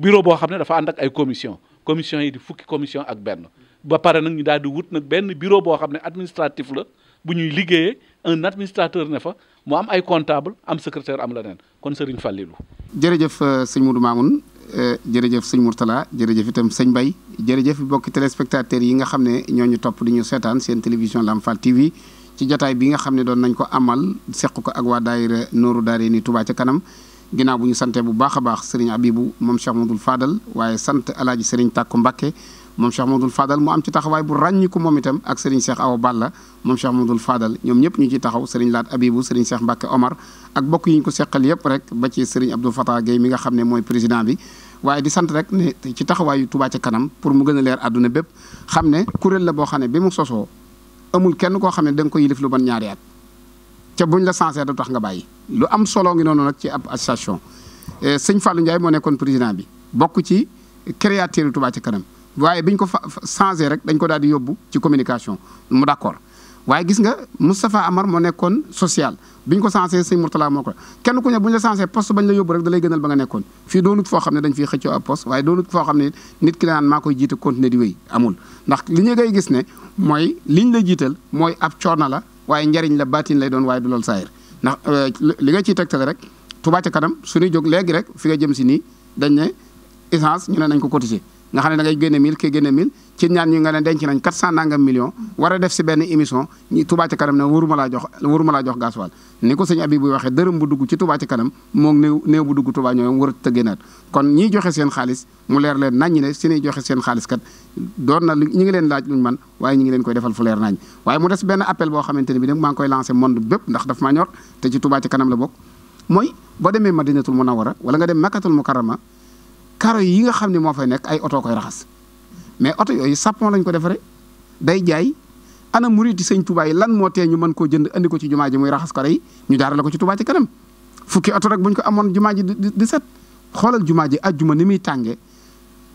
bureau boo xam ne dafa ànd ay commission commission yi di fukki commission ak benn ba pare nag ñu daal di wut nag benn bureau boo xam ne administratif la bu ñuy liggéeyee un administrateur ne fa mu am ay comptable am secrétaire am la leneen kon Serigne Fallilou. jërëjëf euh, sëñ Moudou Mamoun euh, jërëjëf sëñ Mourtala jërëjëf itam sëñ mbay jërëjëf bokki téléspectateurs yi nga xam ne ñoo ñu topp di ñu seetaan seen télévision Lamfal TV. ci jataay bi nga xam ne doon nañ ko amal seq ko ak waa daayira nooru daare ni tubaa ca kanam ginaaw bu ñu sante bu baax a baax sëriñ abibu moom Cheikh Mamadou Fadal waaye sant alaaji sëriñ Tàkku Mbàkke moom Cheikh Mamadou Fadal mu am ci taxawaay bu ràññiku moom itam ak sëriñ Cheikh Awa Balla moom Cheikh Mamadou Fadal ñoom ñëpp ñu ci taxaw sëriñ Laat Abibu sëriñ Cheikh Mbàkke Omar ak bokk yi ñu ko seqal yëpp rek ba ci sëriñ Abdou Fatah Gueye mi nga xam ne mooy président bi waaye di sant rek ne ci taxawaayu tubaa ca kanam pour mu gën a leer àdduna bépp xam ne kuréel la boo xam ne bi mu sosoo amul kenn koo xam ne da nga ko yilif lu ban ñaari at ca buñ la sensé du tax nga bàyyi lu am solo ngi noonu nag ci ab association eh, sëñ Fallou Ndiaye moo nekkoon président bi bokk ci créateur Touba ci kanam waaye biñ ko fa changé rek dañ ko daal di yóbbu ci communication mu d'accord waaye gis nga Moustapha Amar moo nekkoon social bi ñu ko sensé sëñ Mourtala moo ko kenn ku ne bu ñu la sensé poste bañ la yóbbu rek da gënal ba nga nekkoon fii doonut foo xam ne dañ fiy xëccoo ab poste waaye doonut foo xam ne nit ki naan maa koy jiite continuer di amul ndax li ñu ngay gis ne mooy li ñu la jiital mooy ab coono la waaye njariñ la baatin lay doon waaye du lool saayir ndax euh, li nga ciy tegtale rek Touba ca kanam suñuy jóg léegi rek fi nga jëm si nii dañ ne essence ñu ne nañ ko cotiser nga xam ne da ngay génne 1000 kii génne 1000 ci ñaan ñi nga ne denc nañ 400 nangam millions war a def si benn émission ñi kanam ne waruma laa jox waruma ko sëñ abi buy waxee dërëm bu dugg ci Touba ci kanam moom néew néew bu dugg Touba ñooyom kon ñiy joxe seen xaalis mu leer leen nañ ñi ne si ñuy joxe seen xaalis kat doon na ñu ngi leen laaj luñ waaye ñu ngi leen koy defal fu leer nañ waaye mu des benn appel boo xamante ne bi nag maa ngi koy lancé monde bépp ndax daf maa ñor te ci Touba ci kanam la bokk mooy boo demee a Munawara wala nga dem Makkatul Mukarrama karo yi nga xam ne moo fay nekk ay oto koy raxas mais oto yooyu sapon lañ ko defaree day jaay ana murit yi sëñ Tuubaa yi lan moo tee ñu mën koo jënd andi ko ci jumaa ji muy raxas karo yi ñu jaarale ko ci Tuubaa ci kanam fukki oto rek bu ñu ko amoon jumaa ji di set xoolal jumaa ji juma ni muy tàngee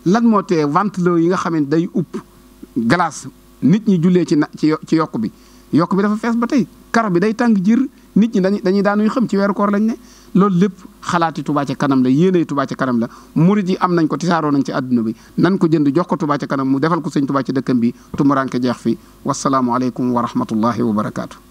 lan moo tee ventilo yi nga xam day upp glace nit ñi jullee ci na ci yokk bi yokk bi dafa fees ba tey karo bi day tàng jir nit ñi dañuy dañuy daanuy xam ci weeru koor lañ ne loolu lépp xalaati Touba ca kanam la yéenay Touba ci kanam la murid yi am nañ ko tisaaroo nañ ci àdduna bi nan ko jënd jox ko Touba ca kanam mu defal ko sëñ Touba ci dëkkam bi tumuranke jeex fi wasalaamualeykum wa rahmatullahi wa barakaatu